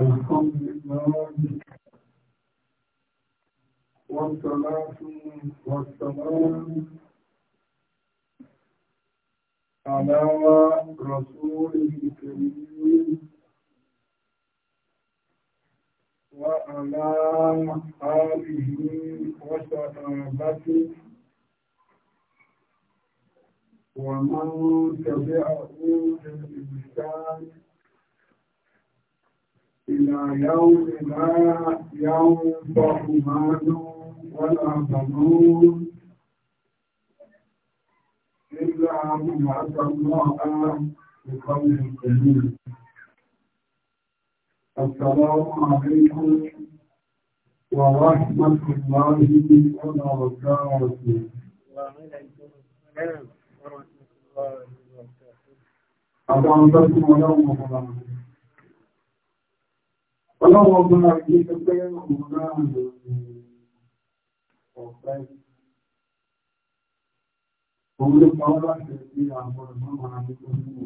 الحمد لله والصلاة والسلام على رسوله الكريم وعلى آله وصحابته ومن تبعه بالإحسان إلى يوم لا ينفع مال ولا بنون إلا من أتى الله بقلب سليم السلام عليكم ورحمة الله وبركاته وعليكم السلام ورحمة الله وبركاته أبا أنتم ولو مبارك Ọlọ́run ọgbà ìgbésẹ̀ pé òun náà lò ní ọ̀pẹ́. Òun ló pa ọ́ láti ẹ̀sí àwọn ọ̀gbọ́n àdúgbò nínú.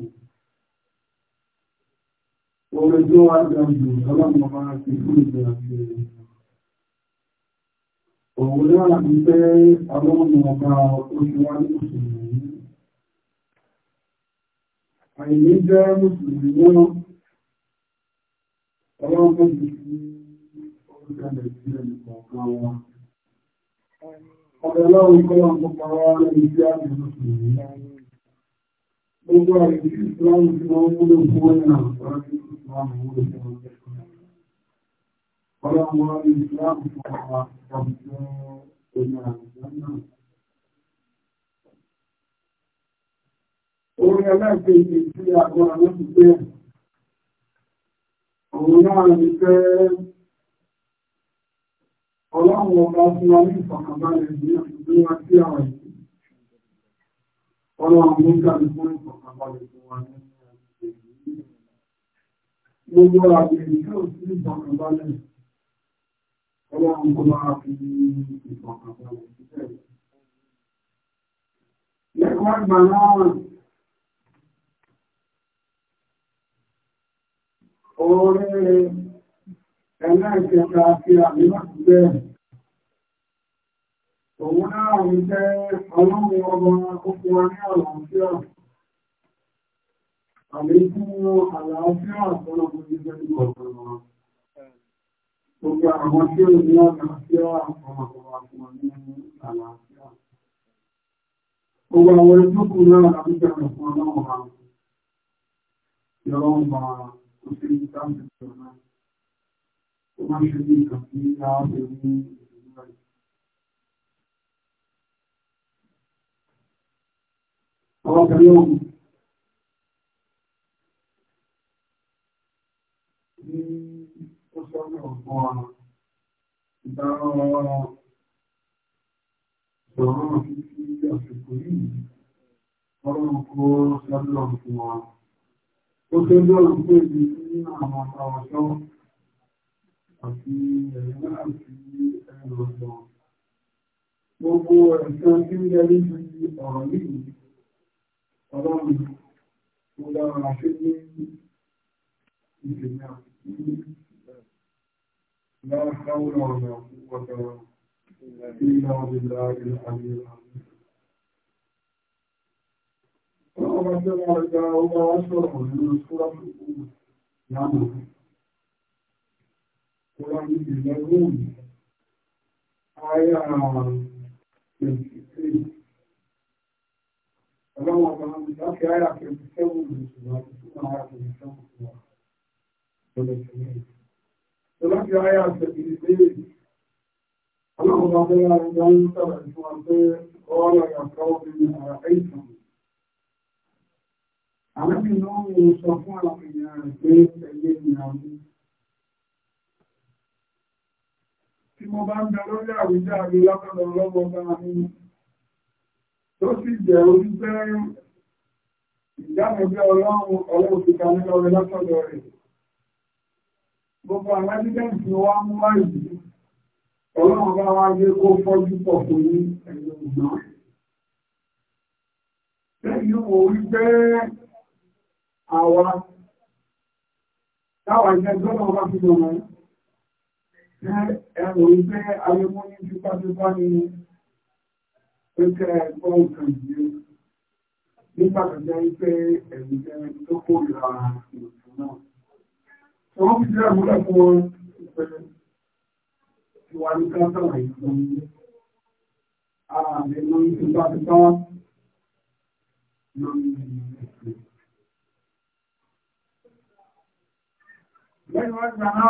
Orin tí wọ́n á jẹ́ jù ọlọ́run ọba ti fún ìgbé àti ẹ̀rọ. Òun náà ti pé ọlọ́run ọba oṣù wa ní Mùsùlùmí. Àìní jẹ́ Mùsùlùmí náà. Ọlọ́run tó bí sí orúkọ Nàìjíríà nìkan kan wọn. Ọ̀dọ̀ lọ́run kọ́ wọn kó pa wá lórí sí àmì Mùsùlùmí. Gbogbo àrẹ̀ sí Ìsìláàmù tí wọ́n múlò fún wọn náà sọ́rọ̀ sí Ìsìláàmù múlò fún wọn tẹ̀sán. Ọlọ́run wọn ní Ìsìláàmù fún wa ọ̀bí tí wọ́n oní àrùn òun ọlọ́run ọba fún wa ní ìfọ̀kànbalẹ̀ ní àtúntò sí àwọn ìlú ọlọ́run ló ń jáde fún ìfọ̀kànbalẹ̀ fún wa ní gbogbo àgbèrè yóò sí ìfọ̀kànbalẹ̀ ọlọ́run kó máa fi ìfọ̀kànbalẹ̀ síbẹ̀ lẹ́kọ̀ọ́ ìgbà náà orí ẹlẹ́ẹ̀kẹta àti àmìláṣẹ́ òun náà ń jẹ́ ọlọ́run ọba okùn wa ní àlàáfíà àlékún àlàáfíà àtọ́lọ́pù jíjẹ́ ìgbọ̀gbọ̀n wọn gbogbo àwọn tí ó ní àlàáfíà ọmọkọ̀wà fún wọn ní àlàáfíà gbogbo àwọn ẹjọ́kùn náà àbújá rẹ̀ fún ọlọ́run ọba utilizando o jornal. Uma judica que abre o mundo de nós. Coloca meu. E o seu meu fora. Então, Jornal que fica se cuida. Colocou, sabe logo que mora ó tó lóòrùn tó èdè nínú àwọn àtàwàṣọ́ àti ẹ̀yìn àti ẹ̀rọ ọ̀gbọ̀n gbogbo ẹ̀sán tí ń yẹrí ju ọ̀rọ̀ yìí ọlọ́run mo dára sí ní ìdènà لا حول ولا قوة إلا بالله العلي العظيم ọba jẹ́ wọn ọjà ọba wá sọ̀rọ̀ nínú sọ́rọ̀ ìyàwó ọba ní ilẹ̀ róòmù ayá 23 ọlọ́wọ́ ọba ní láti ayá 27 ìṣùgbọ́n àti fún ayá 27 ìṣùgbọ́n láti ayá 23 ọlọ́wọ́ ọba ní láti ayá 27 ìṣùgbọ́n àti fún ayá 27 ìṣùgbọ́n àwọn tí wọ́n mú sọ fún àwọn èèyàn rẹ̀ pé tẹ̀lé ìyàwó tí mo bá ń bẹ lórí àwùjáde látọ̀dọ̀ lọ́wọ́ bá mi tó sì jẹ́ orí pé ìdáàbòbí ọlọ́run ọlọ́run ti ka nílọ rẹ látọ̀dọ̀ rẹ̀ gbogbo àwọn ẹ́dígẹ́ǹtì wa mú wáyé ọlọ́run bá wá yé kó fọ́jú pọ̀ fún ní ẹ̀yọ̀ ìgbọ́n. Lẹ́yìn òun gbẹ́rẹ́ àwa táwà jẹ́ gbọ́nà wá fi lọ́nà ẹ̀rọ ìgbẹ́ ayémọ́ ní tipátipá ní pẹ́kẹ́ ẹ̀gbọ́n kan yìí nípa kàjá ìfẹ́ ẹ̀rù jẹ́ tó kó ìlà ìròyìn náà. Wọ́n fi jẹ́ àmúlẹ̀ fún wọn ìpẹ̀lẹ̀ ìwà ní káńtàlà ìfún ààrẹ lórí tipátipá lórí ìròyìn. lẹ́yìn wá gbà náà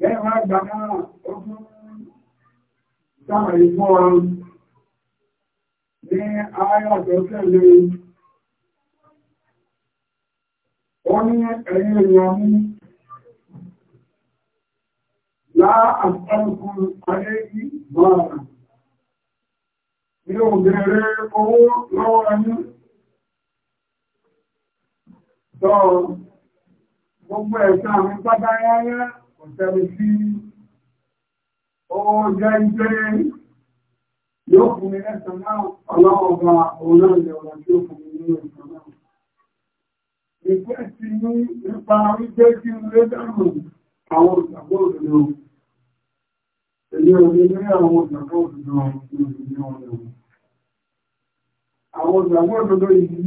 lẹ́yìn wá gbà náà ó tún sáàrí fún ọ ní ayọ́ tó tẹ̀lé ó ní ẹ̀yìn èèyàn mú láàpọ̀lùkùn ayé yìí bọ́ọ̀rọ̀ ní òbẹ̀rẹ̀ owó lọ́wọ́ ẹni sọ́ọ̀rọ̀ gbogbo ẹ̀sán àwọn pátá rárá kò tẹ́lú sí ó jẹ́ ìgbé yóò fún mi lẹ́sàn náà ọlọ́ọ̀gbà òun náà lè wọ́n tí ó fún mi ní ẹ̀sàn náà. Ìgbé ti ní nípa wípé kí n lé dànù àwọn òṣàgbọ́ òdòdó. Èyí ò ní ní àwọn òṣàgbọ́ òdòdó ní òdòdó ọ̀nà. Àwọn òṣàgbọ́ òdòdó yìí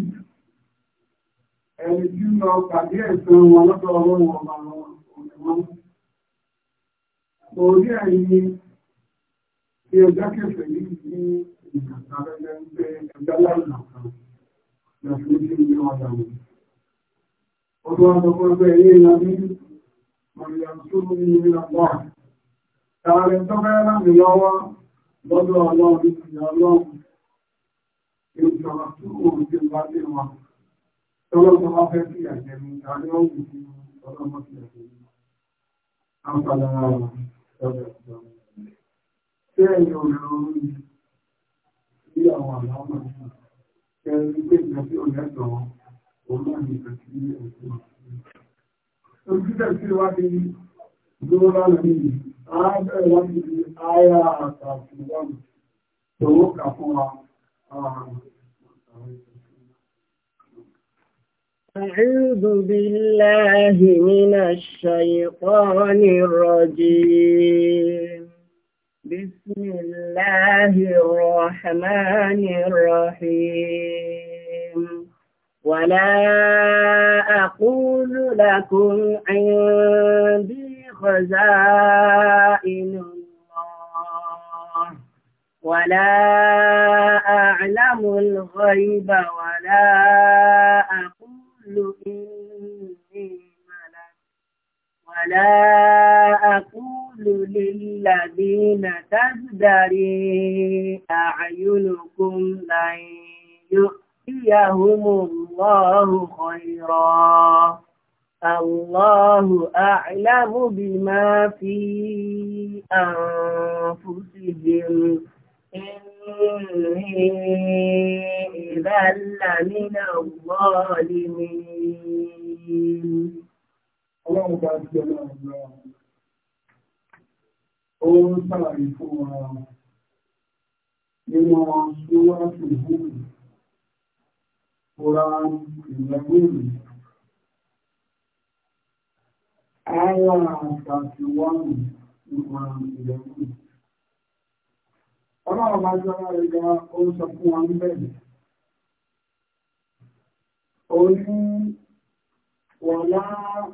ẹni tí lọ pàdé ẹ̀sán wọn lọ́dọ̀ ọlọ́run ọba wọn òmìnirán. Orí ẹ̀yìn tí ẹjọ́ kẹfẹ́ yìí ní ìgbàgbà rẹ̀ ń pé ẹjọ́ láìlà kan lọ́sùn sí ní ọjà wọn. Ọdún àtọ́kọ́ pé ilé ìlà ní Mọ̀lẹ́yàn tó ní ìlà pọ̀. Tààrin tó láti lọ́wọ́ lọ́dọ̀ ọlọ́run ìyá ọlọ́run. Ìjọba tó kò ń bá dé wọn. Ọlọ́run máa fẹ́ sí àjẹmí, àní ó wù sí ọlọ́mọ sí àjẹmí. Àǹfààní ọ̀rọ̀ ọ̀dọ̀ Ṣé ẹ̀yìn òmìnira orí sí àwọn àlámà náà? Ṣé ẹni أعوذ بالله من الشيطان الرجيم بسم الله الرحمن الرحيم ولا أقول لكم عندي خزائن الله ولا أعلم الغيب ولا النحل إني ولا أقول للذين تزدري أعينكم لن يؤتيهم الله خيرا الله أعلم بما في أنفسهم إن إذا لمن الظالمين Ọlọ́run bá jẹ́ ọlọ́run náà, ó ń sàlàyé fún wa Àwọn àpàtàkì wọ́n ní Ọlọ́run bá jọ ara rẹ̀ gan ó sọ fún wa ń bẹ̀rẹ̀. Ó ní wọ̀lá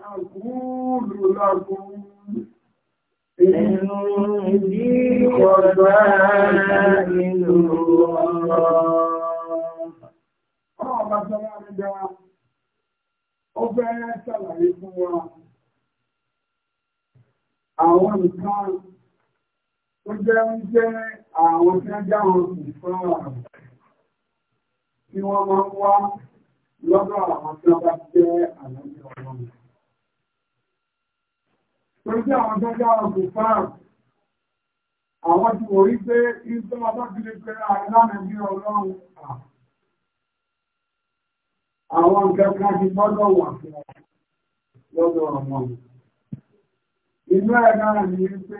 àkúrù lọ́gbọ́n inú ó fẹ́ ṣàlàyé fún wa àwọn nǹkan tó jẹ́ ń jẹ́ àwọn tí wọ́n jáwọn kù fún àrùn tí wọ́n máa ń wá lọ́dọ̀ àwọn tí wọ́n bá jẹ́ àlàyé ọlọ́run. Tó jẹ́ àwọn tí wọ́n jáwọn kù fún àrùn àwọn tí wọ́n rí pé ìjọba bá fi lè pẹ̀lú àìlànà bí ọlọ́run àwọn nǹkan kan ti gbọ́dọ̀ wà fún ọ lọ́dọ̀ ọmọ. Inú ẹ̀ náà ní pé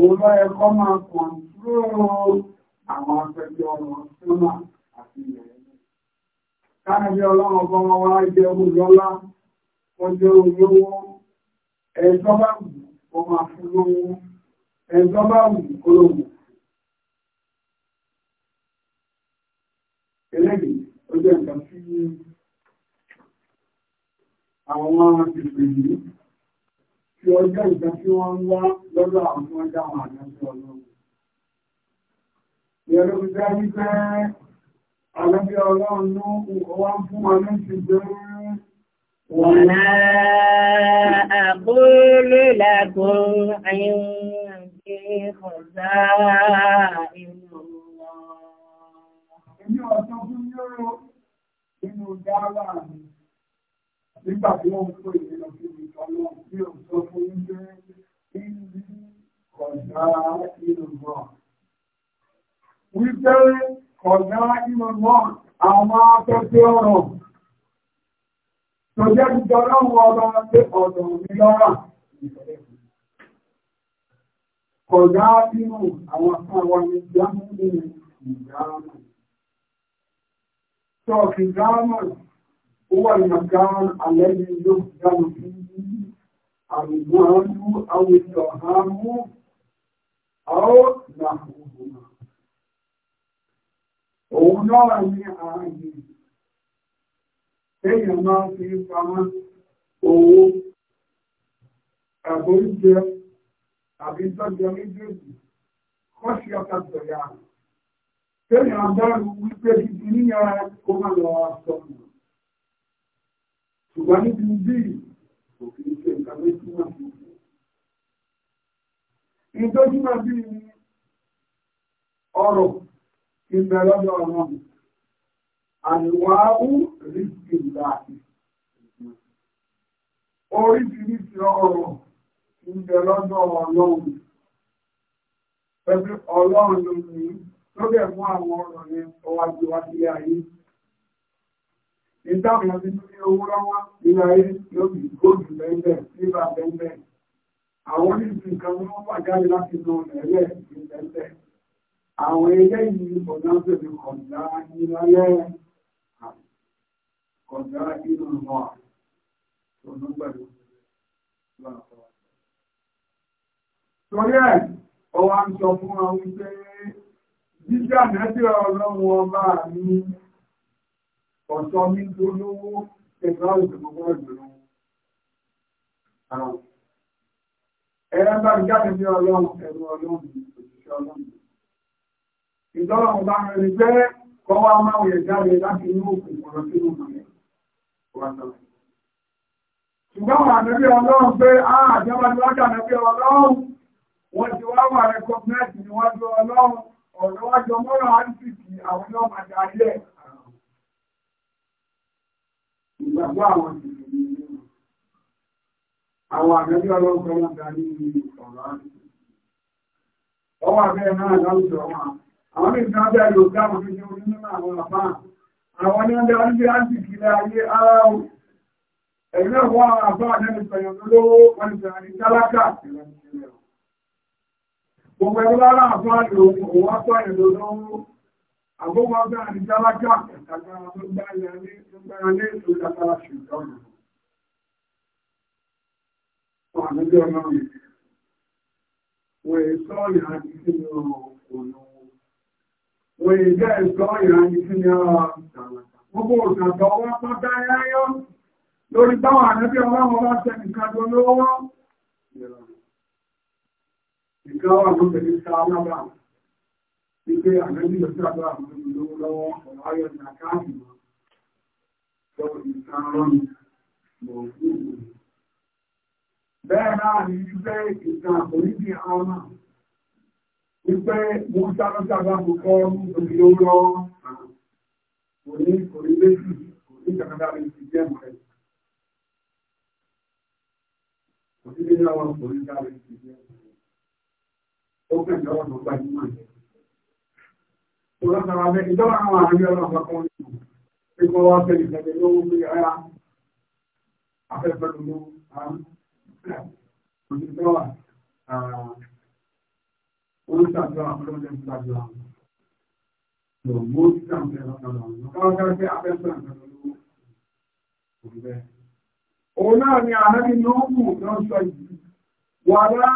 Òwúrọ̀ ẹ̀kọ́ máa kọ̀ǹtúrò àwọn afẹ́jọ́ ọmọ sọ́mà àti ilẹ̀. Káàkiri ọlọ́run ọba wọn wá jẹ́ olọ́lá, wọ́n jẹ́ olówó, ẹ̀jọ́ bá wù kó máa fún lówó, ẹ̀jọ́ bá wù kó lówó. Eléyìí, ó ọmọ ti pè tí ó jẹ́ nǹkan tí wọ́n ń wá lọ́dọ̀ àwọn tí wọ́n dáwọn àjọṣe ọlọ́run. Ìyẹn ló fi jẹ́ ní pé nígbà tí wọ́n kó ìwé lọ sí ìjọ náà tí ó sọ fún ilé ìlú kọjá inú náà. Wípé kọjá inú náà àwọn afẹ́fẹ́ ọ̀rọ̀ tó jẹ́ ìjọ náà ọba pé ọ̀dọ̀ mi lọ́rà. Kọjá inú àwọn afẹ́wà ní Jámúnì ìgbàmù. Sọ̀kì Jámúnì هو المكان الذي يخزن فيه المال أو الدرهم أو نحوهما òun náà ní ààyè èèyàn máa fi pamọ́ owó àgbóríjẹ àbí tọ́jọ méjèèjì kọ́sí ọ̀tà tọ̀yà téèyàn bá rú wípé ṣùgbọ́n níbi bí kò kí ṣe nǹkan tó túmọ̀ sí i tó túmọ̀ sí i ọrọ̀ ìbẹ̀ lọ́dọ̀ ọ̀nà àníwáwú rìsì láti oríṣiríṣi ọrọ̀ ìbẹ̀ lọ́dọ̀ ọlọ́run pẹ̀lú ọlọ́run ló ní tó bẹ̀ mú àwọn ọrọ̀ yẹn ọwájú wájú ayé ìdáhùn ọdún tó ní owó lọ́wọ́ nínú ayé lóbi góòlù lẹ́ńdẹ̀ nígbà lẹ́ńdẹ̀ àwọn oníṣẹ́ nǹkan ni wọ́n wà jáde láti lo ẹ̀rẹ́ ìlẹ́ńdẹ̀ àwọn ilé yìí ọ̀nà pẹ̀lú kọ̀dá nílọ́lẹ́ kọ̀dá inú mọ́ ọ̀nà pẹ̀lú torí ẹ̀ ọwọ́ ń sọ fún àwọn ìṣẹ́ jíjà nẹ́tì ọlọ́run ọba mi ọ̀tọ́ ní gbólówó ẹgbẹ́ ìgbòmọ́ ìgbòmọ́. Ẹran bá jáde ní ọlọ́run ẹ̀rọ ọlọ́run òṣìṣẹ́ ọlọ́run. Ìjọ́ràn bá rẹ̀ rí pé kọ́ wá máa wòye jáde láti inú òkun ọ̀rọ̀ sí òkun rẹ̀. Ṣùgbọ́n wà nẹ́bí ọlọ́run pé àjọba ti wájà nẹ́bí ọlọ́run, wọ́n ti wá wà rẹ̀ gọ́ọ̀mẹ́ntì níwájú ọlọ́run, ọ̀rọ̀ wájọ mọ́ràn àríṣìkì àwọn ọmọ àjàrí ẹ̀. ìgbàgbọ́ àwọn ìgbìyànjú nínú àwọn wọn dá ní ọ̀rọ̀ ọwọ́ náà láwùjọ wọn àwọn ní ìgbà yóò àwọn àwọn àwọn ní ọjọ́ ara wọn àwọn àdẹ́nu wọn ti ní tálákà gbogbo ẹgbẹ́ lára àbá àdìsí òun Àgbógbà ọgbà àrídálájá àtàgbàrà wípé àgbẹ̀bí lọ sí àgbà àwọn olówó lọ́wọ́ ọ̀rọ̀ ayọ̀ ní àkáàbì lọ ìtàn rọ́nù lọ fún òun. Bẹ́ẹ̀ náà ní wípé ìtàn àforíjì àmà wípé mo ń sáré sábà mo kọ́ nítorí ó lọ kò ní kò ní méjì kò ní kàkàdá mi ti jẹ́ mọ́ ẹ̀. tó gbajúmọ̀ yẹn ìjọba ìjọba àwọn àárín ọlọ́pàá kan nínú pípọ́ wá fẹ́ ìfẹ́lẹ̀ lówó pé ara afẹ́fẹ́ lówó òṣìṣẹ́wà olùsàdúrà olóòjẹ́ ìgbàjúwà lòmó ìsàmì ẹ̀rọ Wàlá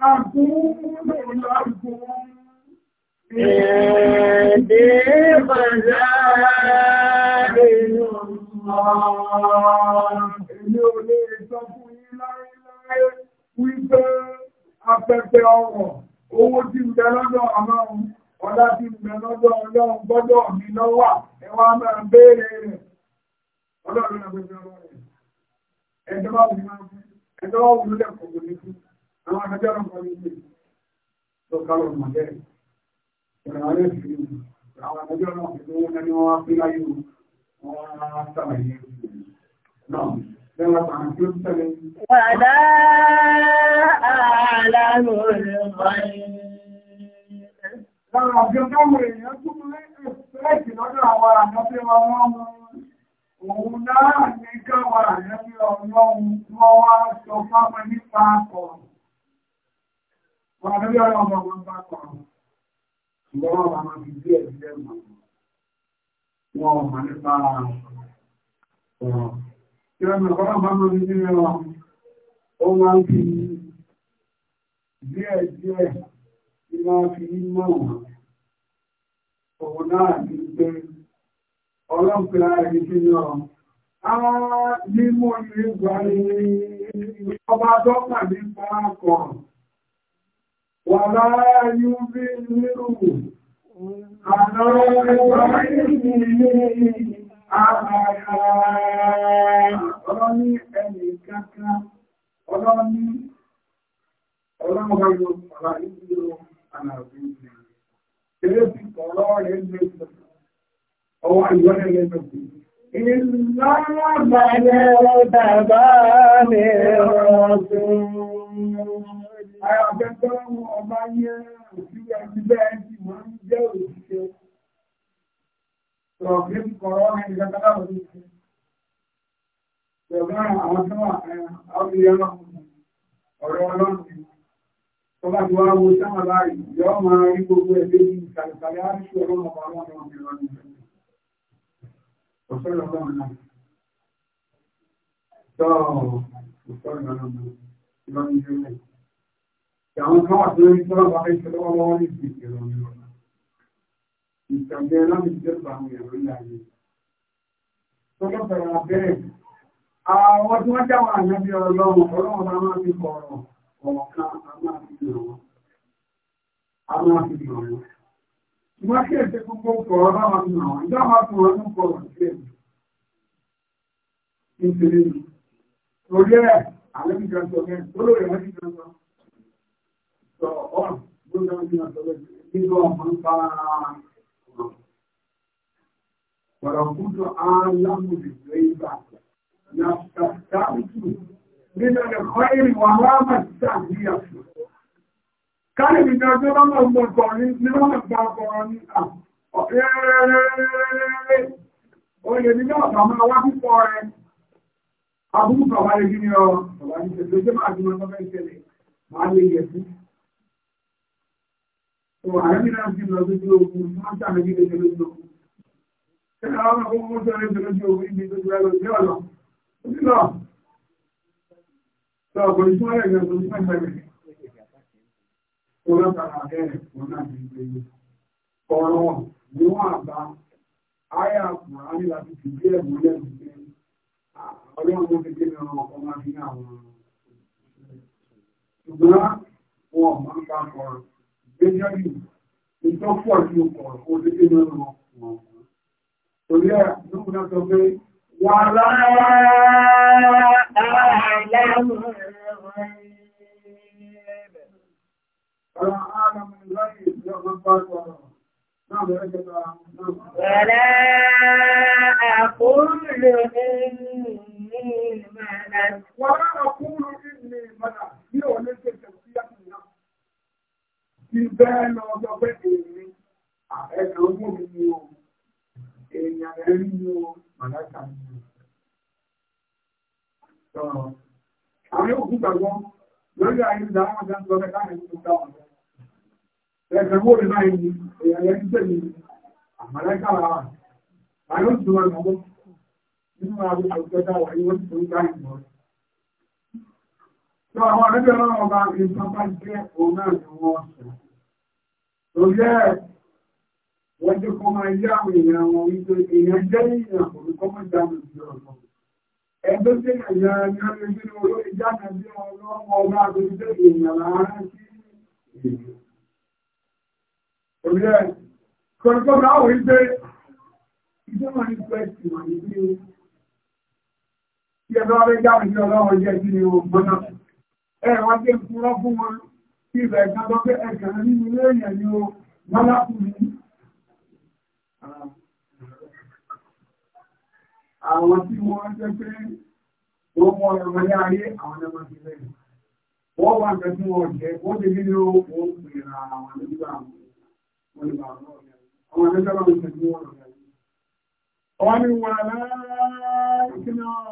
àkúrò lọ́gbọ̀n عندي خزائن الله èmi ò lè sọ fún yín láéláé wípé afẹ́fẹ́ ọ̀rọ̀ owó tí ń bẹ lọ́dọ̀ ọlọ́run ọlá tí ń bẹ lọ́dọ̀ ọlọ́run gbọ́dọ̀ mi lọ́wà ẹwà máa béèrè rẹ̀ ọlọ́run ẹjọ́ ìrànlẹ́ sí àwọn ẹgbẹ́ náà fi lówó náà ni wọ́n fi láyé wọn sàlàyé náà Wàdá àlàmù ìrìn. Lára ọ̀gbẹ́ tó wọ èèyàn tó mú ẹ̀sẹ̀ẹ̀kì lọ́dọ̀ àwọn àjọ́fẹ́ wọn wọ́n mú. Ìjọba wọn máa fi díẹ̀ díẹ̀ mọ̀. Wọ́n mọ̀ nípa ọ̀rọ̀. Ìrọ̀mọ̀ ọ̀rọ̀ máa mọ̀ nípa ọ̀rọ̀. Ó máa fi díẹ̀ díẹ̀ tí wọ́n fi mọ̀ wọ́n. Òun náà ti gbé ọlọ́pìnlá ẹni tí yọ. Àwọn mímọ̀ ìrìngbà ni ọba dọ́kà nípa akọ̀rọ̀ wà láàáyú bí nírù àwọn ọmọ ìrìnlẹ̀ ọlọ́ní ẹni kankan ọlọ́ní ọlọ́mọ̀gbọ́n ọ̀rọ̀ ìdílò àlàbí ìrìnlẹ̀ tí ọ̀rọ̀ rẹ̀ ń lè ọwọ́ ìwọ́lẹ̀ lẹ́gbẹ̀ẹ́ Ìlànà bàbá mi rọ̀ sí Àgbẹ̀gbẹ̀rún ọba yẹ́ òfin ẹgbẹ́ ẹgbẹ́ wọ́n jẹ́ òṣìṣẹ́. Ọ̀gbẹ́ kọ̀ọ̀rọ̀ ní ìjọba òṣìṣẹ́. Ìjọba àwọn tó wà àwọn ìyọ́nà ọ̀rọ̀ ọlọ́run. Tọ́lá ti wá wo sáwọn láàrin, yọ́ máa rí gbogbo ẹgbẹ́ ní ìkàlùkàlù àríṣù ọlọ́run ọba ọlọ́run ọmọ Ọ̀sọ́rọ̀ àwọn kan wà tó ń sọ́rọ̀ wà fẹ́ lọ́wọ́ lọ́wọ́ ní ìsìn ìrọ̀ ní ọ̀la ìtàgé láti jẹ́rù àwọn èèyàn lórí ayé tọ́lọ́ sọ̀rọ̀ abẹ́rẹ́ àwọn tí wọ́n jáwọ́ àyàbí ọlọ́run ọlọ́run bá máa fi kọ̀ọ̀rọ̀ ọ̀kan a máa fi hàn wọ́n a máa fi hàn wọ́n ṣùgbọ́n kí èsì gbogbo kọ̀ọ̀rọ̀ bá máa fi sí èmi nítorí torí ẹ̀ àlẹ́ sọ bẹ́ẹ̀ tó lóore ẹ̀ ولكنت أعلم بالغيب لاستفتحت من الخير وما مستهيئ كان من أجل ما أخبرني لما أخبرني Oye ní náà sàmà wá púpọ̀ rẹ̀. Abúrú bàbá rẹ̀ gíní ọ, bàbá ní ṣe tó jẹ́ máa jùmọ̀ lọ́fẹ́ ìṣẹ̀lẹ̀, máa lè yẹ̀ sí. وعلمنا في الرجل ومن تعمل به الرجل كان أمره موسى عليه الرجل وإني تجعله يا الله قل الله فقل شو عليك قل شو عليك ورد على غيره ونعم به ọ̀rọ̀ ni wọ́n àgbà ayé àkùnrin àní láti fi gbé ẹ̀mú lẹ́nu pé ọlọ́run ló fi gbé mi ọ̀rọ̀ ọkọ̀ máa fi ní àwọn ṣùgbọ́n wọn ò máa ń pa ọ̀rọ̀ gẹ́gẹ́ bí ìtọ́fù àti ọkọ̀rọ̀ kó dédé náà lọ wọ̀n. Torí ẹ̀ lókùn náà sọ pé wà láàárọ̀ ولا أقول إني ملك ولا أقول إني ملك ti bẹ́ẹ̀ lọ sọ pé èmi ẹ̀ka ogún mi ni o èèyàn ẹ̀rí ni o màláìka ni o. Sọ̀rọ̀ àwọn òkú gbàgbọ́ lórí ayélujára àwọn ọ̀gá ń sọ bẹ́ẹ̀ láàrin tó dáwọn lọ. Ẹ̀ka owó mi báyìí ni èèyàn ẹ̀rí pè mí àmàláìka wà wà. Àwọn yóò tún wọn lọ́wọ́ nínú àwọn àwùjọ dáwà ni wọ́n ti tó ń dá ìmọ̀ rẹ̀. Sọ àwọn ọba ìpapá jẹ́ òun náà ni wọ́n sọ torí ẹ̀ wọ́n jẹ́ kọ́ máa yá àwọn èèyàn wọn wípé èèyàn jẹ́ èèyàn kò ní kọ́ máa dá mi sí ọ̀sán ẹgbẹ́ tí èèyàn ní ọdún sínú olóyè jáde bí wọn lọ́wọ́ ọba àgbẹ̀jẹ́ èèyàn láàárín sí èèyàn torí ẹ̀ kọ́ ní kọ́ máa wí pé ìjọba ní pẹ́ẹ́sì wà ibẹ̀ ìgbàgbọ́ pé ẹ̀kàn nínú lẹ́yìn ni ó mọ́lákùnrin àwọn tí wọ́n jẹ́ pé wọ́n mọ́ ọ̀rọ̀ ní ayé àwọn ẹmọ ti lẹ́yìn wọ́n wà ń tẹ́sí wọn jẹ́ wọ́n ti nínú ohun pèrà àwọn nígbà wọn ni bàbá ọ̀rẹ́ àwọn ẹgbẹ́ wọn ti tẹ̀sí wọn rẹ̀ wọ́n ni wà láàárín kí náà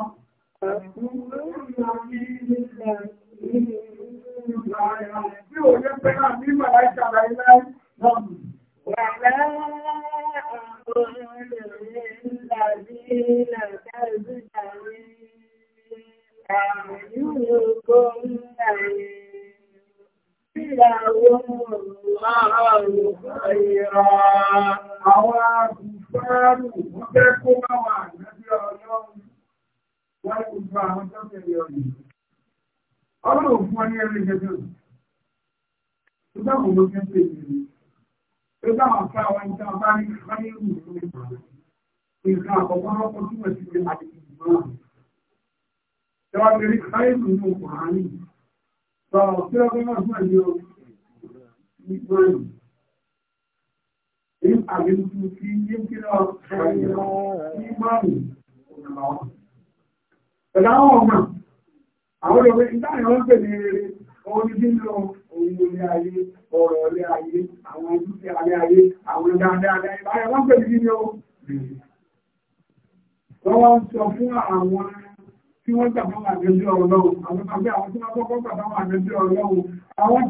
Bí àwọn olùrẹ́ ńlá ń fẹ́ kó máa wà nígbẹ́ ọlọ́run. Wọ́n kò gba àwọn tó fẹ́ ọlọ́run fún ọ ní ẹrù ìjẹjọ́ ìgbàmù ló fẹ́ pé ìrìn ìgbàmù fẹ́ àwọn ìta bá ní ìfẹ́ ìrù nǹkan àkọ́kọ́ lọ́pọ̀ tí wọ́n ti fi àti ìgbàmù ìjọba ti rí káyìlú ní ọkùnrin sọ̀rọ̀ tí ọkọ̀ náà fún ẹ̀yọ ìgbàmù ní àgbẹ̀lùkù kí yé kí lọ sọ̀rọ̀ ìgbàmù ìgbàmù àwọn ọmọ ìdáyà ń pè ní rere orí ayé ọ̀rọ̀ ayé àwọn ojúṣe alẹ́ ayé àwọn dáadáa ìbáyà wọ́n o wọ́n sọ fún àwọn tí wọ́n gbà fún àjọjọ́ ọlọ́run àwọn àwọn tí wọ́n kọ́kọ́ gbà fún àwọn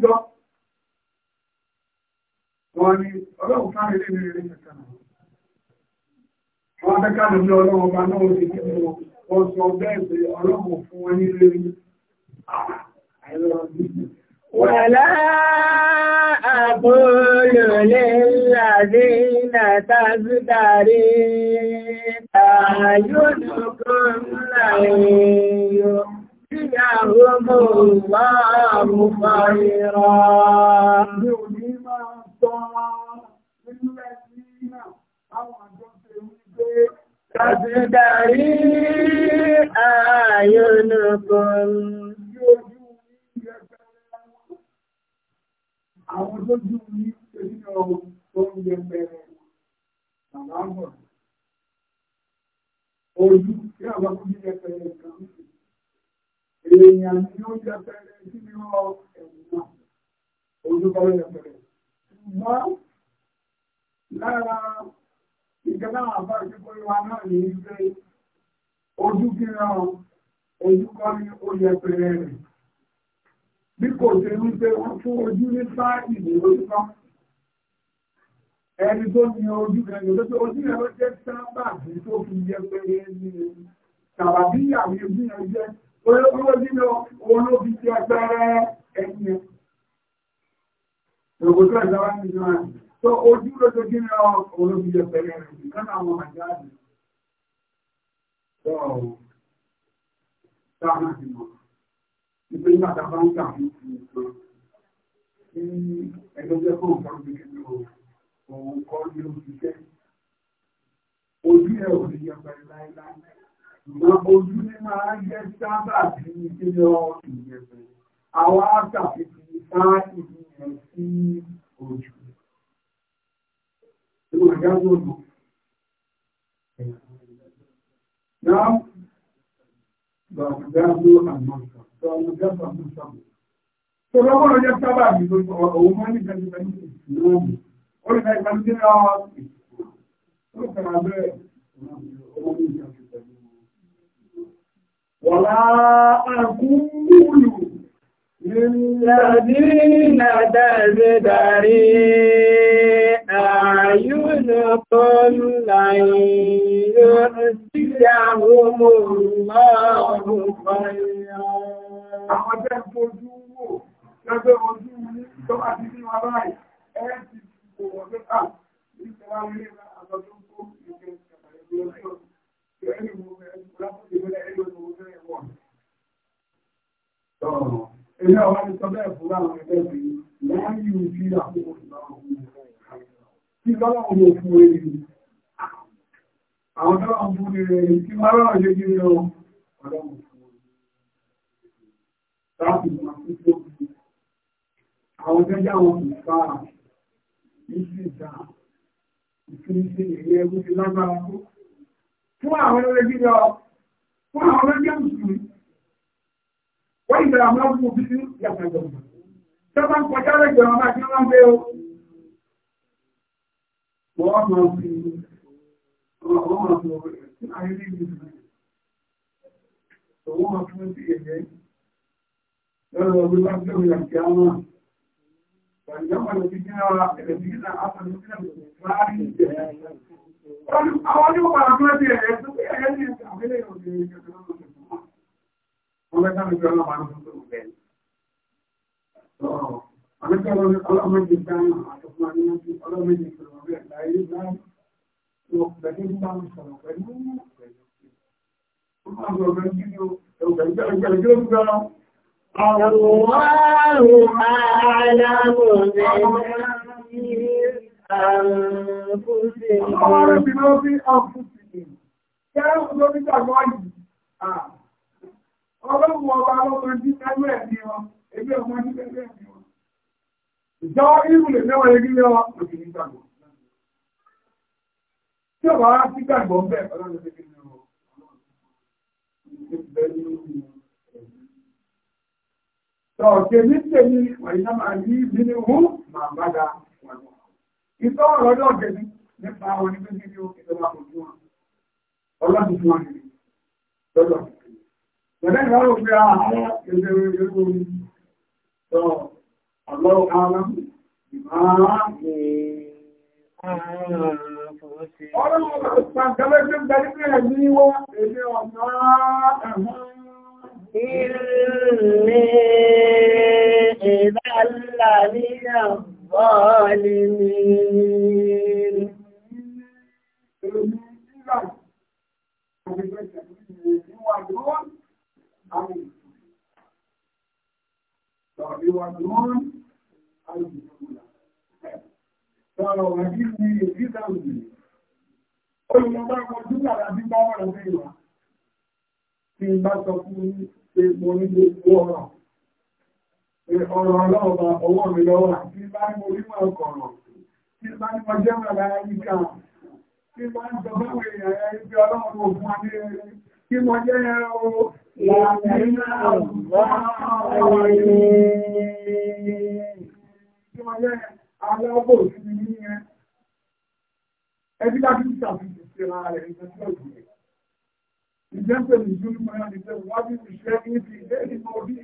tí ò Wọ́n akẹ́kọ̀ọ́ lórí ọlọ́run ọba náà ti kí wọ́n sọ bẹ́ẹ̀ ọlọ́run fún wọn nílé rí. Ìyàwó mọ̀ wá mú تدري أعينكم Àwọn tó jù ní ìṣẹ́lẹ̀ ọ̀rọ̀ tó ń yẹ mẹ́rẹ̀ ṣàlámọ̀. Ojú tí àwọn kú ní ẹ̀fẹ̀rẹ̀ kan ní èèyàn ni ó jẹ́ fẹ́rẹ̀ sí ní ọ ẹ̀wọ̀n náà. Ojú kọ́ lẹ́fẹ̀rẹ̀. Ṣùgbọ́n lára ìjọba àbá ìjọba ìwà náà ní ilé ojú kíra ojú kọ́ ní oyè pẹ̀lẹ́ rẹ̀ bí kò ṣe ń pé wọ́n fún ojú ní sáàkì ní ojú kan ẹni tó ní ojú kan ní ojú ojú rẹ̀ ló jẹ́ sábàbí tó fi yẹ pẹ̀lẹ́ ní tàbí àwọn ẹbí yẹn jẹ́ olóògbé nínú òun ló fi jẹ́ pẹ́rẹ́ ẹni yẹn. Ògùn tó ìjọba ní tó ojú lójojú ní olóbiyọ pẹ̀lú ẹ̀rọ ìkánná àwọn àjáde ọ̀rọ̀ táwọn ti mọ̀ nítorí bàtà bá ń kàwé sí nǹkan tí ẹgbẹ́jẹ́ fún nǹkan bí kíni o òun kọ́ ní òṣìṣẹ́ ojú ẹ̀ ò lè yẹ pẹ̀lú láíláí ṣùgbọ́n ojú ní máa ń jẹ́ sábà bí kíni ọ ìyẹ̀pẹ̀ àwọn àtàkùn ti sáà ìyẹn sí ojú. Now, So Nínú So ọ̀nà. Náà, bà àjájú àmọ́sà, tó ọmọ jábà àmọ́sà mọ̀. Tó lọ́wọ́ ọjọ́ sábà bí òun mọ́ ní ìjọba ìlú ìlú ó lè fẹ́ ìpàdé ní ọ tó kàrà bẹ́ẹ̀ owó ní ìjọba ìlú. Wọ̀lá àkúrúlù Ìlàdí ìlàdá ìrẹ́dàrí. قالوا لن يؤتيهم الله خيرا ẹgbẹ́ ìgbẹ́ ìyá yìí ń fi àkókò ìgbà tí lọ́lọ́run ló fún eré àwọn tọ́lọ́run fún eré tí mọ́lọ́run ṣe kí lọ ọlọ́run fún eré láti máa fún tó bí àwọn tẹ́jà wọn kò fà á ní sí ìdá ìfúnṣe ìrìn ẹgbú ti lágbára tó fún àwọn olóògbé lọ fún àwọn olóògbé mùsùlùmí wọ́n ìgbà àwọn ọmọ òbí sí ìyàtọ̀ ìjọba tọ́ba ń kọjá lẹ́gbẹ̀ẹ́ wọn bá ti wọ́n ń gbé o wọ́n Àgbẹ́kẹ́ ọlọ́mọdé dáná àtọkùnrin àti ọlọ́mọdé ìṣòro rẹ̀ láyé láyé lọ pẹ̀lú bá ń sọ̀rọ̀ pẹ̀lú pẹ̀lú. Ó máa sọ̀rọ̀ pẹ̀lú kí ni ó ẹ̀wọ̀n ìjọba ìjọba ìjọba lọ. Àwọn aláwọ̀ Ọlọ́run ọba ọlọ́run tí ẹgbẹ́ ẹ̀mí wọn, ẹgbẹ́ ọmọ ní ẹgbẹ́ ẹ̀mí wọn ìjọba ìrùlẹ̀ mẹ́wàá yẹ kí ní ọwọ́ òkè ní gbàgbọ́ tí ọba wá sí gbàgbọ́ bẹ́ẹ̀ ọlọ́run ṣe kí ní ọwọ́ Tọ̀ọ̀kẹ́ ní tèmi wàyíná máa yí mi ní hù máa bá da wàgbọ́. Ìtọ́ الله أعلم بما في أنفسهم ọlọ́run ọba ọ̀sán kẹlẹ́ tó gbẹ́lẹ́ pé ẹ̀mí wọ́n èdè ọ̀nà ẹ̀hún ilé ìdálà ní ọ̀bọ̀ọ̀lì ní Ìwàdúrún, Sọ̀rọ̀ wàjí ní èdè ìdáhùn. Olùmọ̀bá kọjú lára bí bá wọ́n rẹ̀ mẹ́wàá. Tí bá sọ fún ṣe mo ní gbogbo ọ̀rọ̀. Ọ̀rọ̀ ọlọ́ọ̀bà ọwọ́ mi lọ́wọ́ tí bá ní orímọ̀ ọkọ̀rọ̀. Tí bá ní ọjọ́ mẹ́lá ayíká. Tí bá ń sọ báwọn èèyàn ẹni bí ọlọ́run òfin wa ní ẹni. Kí mo jẹ́ ẹran o. Ìlànà ìlànà ọ̀rọ̀ ọ̀rọ̀ tí wọ́n lẹ́ àwọn ọgbọ̀ òfin ní ẹ́ ẹbí dájú ní ṣàfihàn sí ra rẹ̀ ìjọ tí ó gbé ìjẹ́ ń pè ní ìjú ní mọ́ra ní pé wọ́n bí ìṣẹ́ ní ti ilé ìmọ̀ orí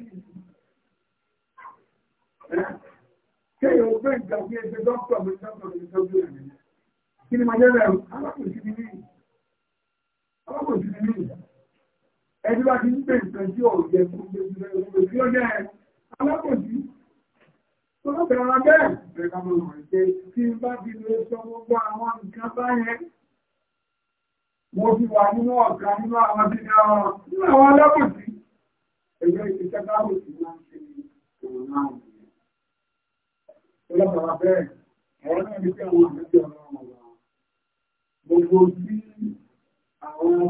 kéèyàn ó gbé ìgbà bí ẹgbẹ́ dókítà mi dókítà mi tọ́jú ẹ̀mí kí ni màjẹ́ rẹ̀ alákòóso ní mí alákòóso ní mí ẹbí bá ti ń pè ìtẹ́jú ọ̀rọ̀ yẹ kó gbé ìgbà ìgbà ìgbà ìgbà Ọlọ́bẹ̀rẹ̀ bẹ́ẹ̀ ẹ̀ka mọ̀ rẹ̀ pé kí n bá ti lè sọ gbogbo àwọn nǹkan báyẹn. Mo fi wà nínú ọ̀gá nínú àwọn tí ní àwọn nínú àwọn alábòsí. Ẹgbẹ́ ìṣẹ́ káwòsí máa ń ṣe ìròyìn náà. Ọlọ́bẹ̀rẹ̀ bẹ́ẹ̀ ọ̀rọ̀ náà ní pé àwọn àmẹ́jọ ọlọ́run ọ̀la. Gbogbo tí àwọn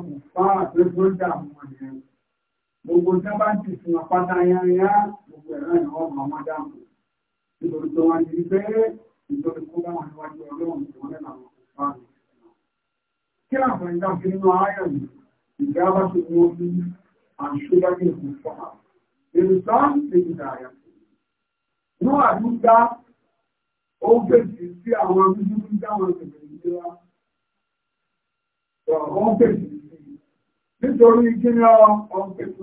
bá ń tì fún apáta yányá, gbogbo ẹ̀rọ ìwọ̀n màmá dààmú nítorí ìjọba kó bá wọn níwájú ọlọ́run tó ti wọ́n ní àdúgbà ó fèsì sí àwọn arúgbó dáwọn ìṣẹ̀lẹ̀ ìlera. ó fèsì sí nítorí kí ni ọ̀n fèsì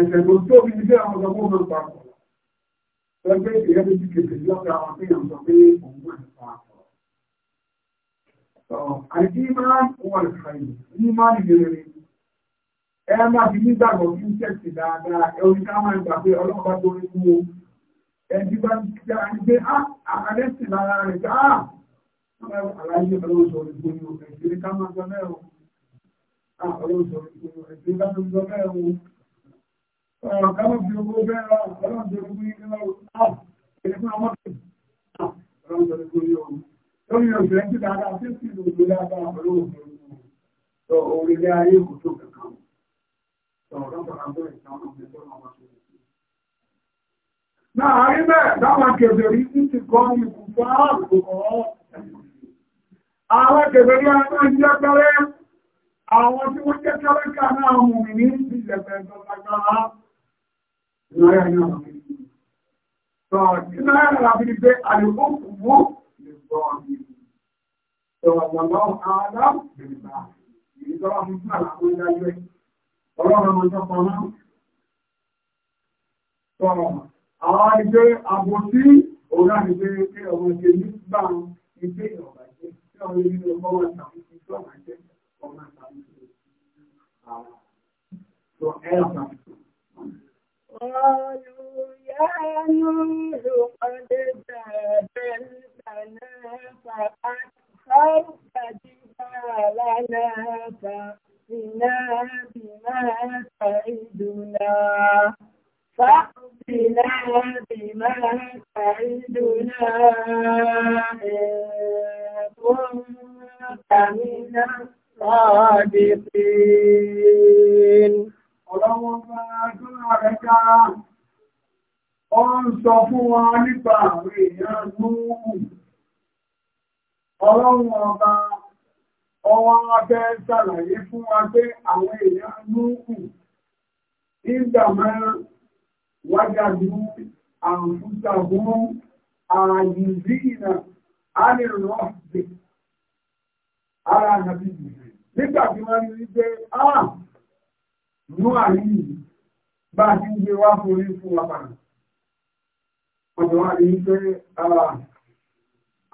ẹ̀sẹ̀ tó tóbi ní bí àwọn ọmọ ọmọ papọ̀ lọ́gbẹ́ ìyẹ́ bí ti kèfè lọ́gbà àwọn tí yàn sọ pé òun wà ní papọ̀ àìsí máa ń wà ní ṣàyè ní máa ń yẹrẹ rẹ ẹ máa fi nígbàgbọ́ kí n tẹ̀sí dáadáa ẹ orí ká máa gbà pé ọlọ́pàá tó rí fún o ẹni bá ń gbé àgbẹ̀ ah, àkàdẹ́sì lára rẹ̀ ah! ká àlàyé ọlọ́sọ̀ ìgbóyò ẹ̀sìn ká Ọ̀rọ̀ fi owó bẹ́ẹ̀rọ ọ̀rọ̀ jẹ́ gbogbo ìgbìmọ̀ ọ̀rọ̀ ẹ̀lẹ́gbọ́n ah, ọmọdé. Ah, ọ̀rọ̀ jẹ́ gbogbo ìyọ̀rọ̀. Lórí ọ̀fẹ́ ń tí dáadáa tí sí ìlú dáadáa pẹ̀lú òfin. Sọ orílẹ̀ ayé kò tó kankan. Sọ ọ̀rọ̀ kan tó ìtàn ọ̀gbẹ̀ tó ọmọ ṣe. Náà rí bẹ́ẹ̀ dáwọn kẹfẹ̀rí tí ti kọ́ ní kùfà ààbò kọ́. Àwọn kẹfẹ̀rí ọmọ ìjẹ́ pẹ́rẹ́ àwọn tí wọ́n jẹ́ kẹ́rẹ́kà náà mú mi ní ìlẹ̀fẹ̀ ìjọba náírà ní àwọn ènìyàn. Sọ ní náírà láti rí pé àlùkò kù mú lè sọ ọ̀gbìn. Sọ ọ̀gbọ̀nà àádá bẹ̀rẹ̀ bá. Ìjọba fún fún àlàkó ìdájọ́ ẹ̀. Ọlọ́run ọmọ ìjọ kan náà. Sọ àwọn ìgbé àbòsí òun láti gbé pé ọmọ ìgbé nígbà ìgbé ìjọba ìgbé tí ọmọ ìgbé ọmọ ìtàkùn ti sọ̀rọ̀ ìgbé ọmọ ìtàkùn ti sọ̀rọ̀. Sọ ẹ̀rọ kan. قالوا يا نوح قد جادلتنا فأكثرت جدالنا فأتنا بما تعدنا فأتنا بما تعدنا إن كنت من الصادقين ọlọ́wọ́n bá dúnà rẹ̀ dára ó ń sọ fún wọn nípa àwọn èèyàn lóòrù ọlọ́wọ́n ọba ọwọ́ abẹ́ ṣàlàyé fún wa pé àwọn èèyàn lóòrù nígbà mẹ́rin wájàdú àǹfúsàgún àyìnzínà alìrọ̀ọ̀dẹ̀ ara nàbí nígbà tí wọ́n rí wípé ah nú àyíyí bá ti ń gbé wá forí fún wapàá ọ̀dọ̀ wà ní pé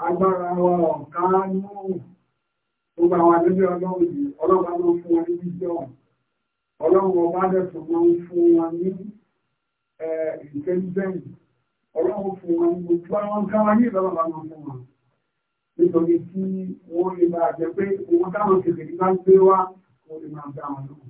agbára wa ọ̀ká ní gbogbo àwọn adébẹ́ ọlọ́run yìí ọlọ́pàá ló fún wọn ní bíjọ́ ọlọ́run ọba dẹ̀tọ̀ máa ń fún wọn ní intelligence ọlọ́run fún wọn ní gbogbo àwọn káwọn ní ìlọ́run bá máa fún wọn nítorí tí wọ́n lè bá jẹ́ pé owó táwọn kèfèrè bá gbé wá wọ́n lè máa dá wọn lóhùn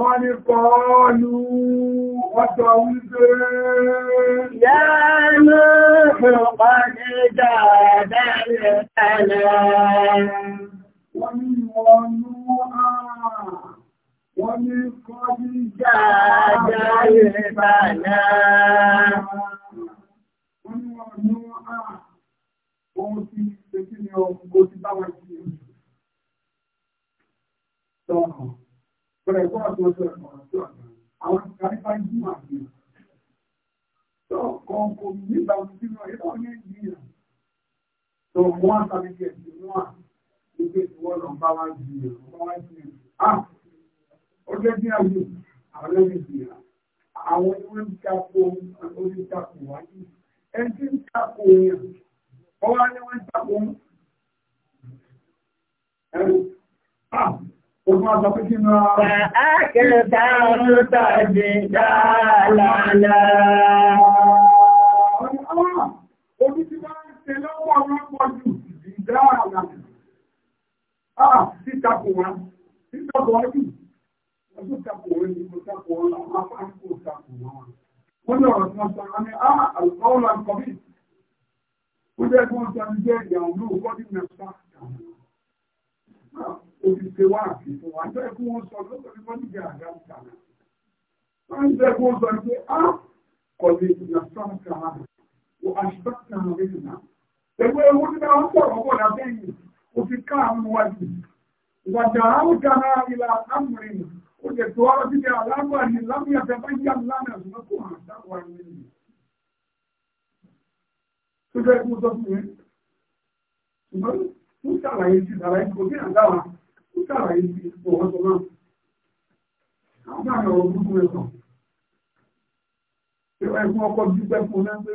Wọ́n ni kọlu ọjọ́ wípé yá ló fòpá ní dáadáa rẹ̀ tẹ́lẹ̀. Wọ́n ni wọ́n ló àà. Wọ́n ní kọ́ ní dáadáa rẹ̀ bàná. Wọ́n ní wọ́n ní wọ́n ti ṣe kí ni ọkùnkùn ti bá wọn jù. Sọ́nà. Pero eso no es otra información. Ahora, cada país es más bien. So, con comunidad, sino es hoy en día. So, wọ́n sáré kí ẹ̀sìn inú à, nígbè tí wọ́n lọ bá wá jù ú, bá wá jù ú. À, ó jẹ́ bí àwọn ààrẹ mi jù ú. Àwọn ni wọ́n ń tako orí tako wáyé. Ẹni tí ń tako yẹn, ọwọ́ ni wọ́n ń tako. Ẹ̀rù, à, Ogun àjọ pé kí náà. Àákẹ́lẹ̀ tààrù tàbí dáàlàlá. Omi ti bá ń ṣe lọ́wọ́ àwọn pọ̀jù ìdáàlà. À sí tapò wá, sí tapò wá jù. Wọ́n tó tapò wọ́n ní mo tapò wọ́n lọ, wọ́n fà ń "Ah, àlùkò ọ̀la ń kọ́ mi." Ó jẹ́ kí wọ́n sọ ní jẹ́ òfìsè wà àti fún wa jẹ́ kí wọ́n sọ lọ́sọ̀ ní wọ́n nígbà àga ìtànà wọ́n jẹ́ kí wọ́n sọ pé á kọ̀lé ìlà sáàkà wọ àṣìbákà rẹ̀ nà ẹgbẹ́ ewu nígbà wọn sọ̀rọ̀ bọ̀ lábẹ́yìn òfin ká àwọn wájú ìwàjà àwọn gara ìlà àmúrin ó jẹ́ tó ọ̀rọ̀ síbi àlágbà ní lámìyàtẹ̀ bá yà lánàá ṣùgbọ́n kò hàn sáwà nílùú tó jẹ́ kí wọ́n sọ fún mi ṣùgbọ́n tó ṣàlàyé sí ṣàlàyé kò sí àdáwà Níkàrà ibi ipò wọ́n tó náà. Àwọn àmì ọ̀rọ̀ burúkú rẹ̀ sàn. Ìwọ ẹ̀fún ọkọ̀ dúpẹ́ fún náà pé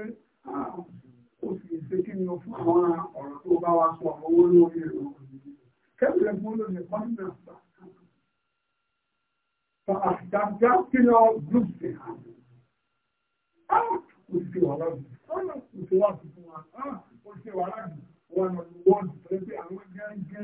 ó fi ṣe kí ni o fún àwọn ọ̀rọ̀ tó bá wa sọ owó lórí ẹ̀rọ. Kẹ́rù rẹ̀ fún olóòrùn ẹ̀kọ́ nínú àṣà. Fa àṣìdájá kí lọ group ṣe hàn. Ó ti ṣe wà láàbù. Ó ti wà fún wa. Ó ti ṣe wà láàbù. Wọ́n lọ wọ́n ti pẹ́ pé àwọn gẹ́gẹ́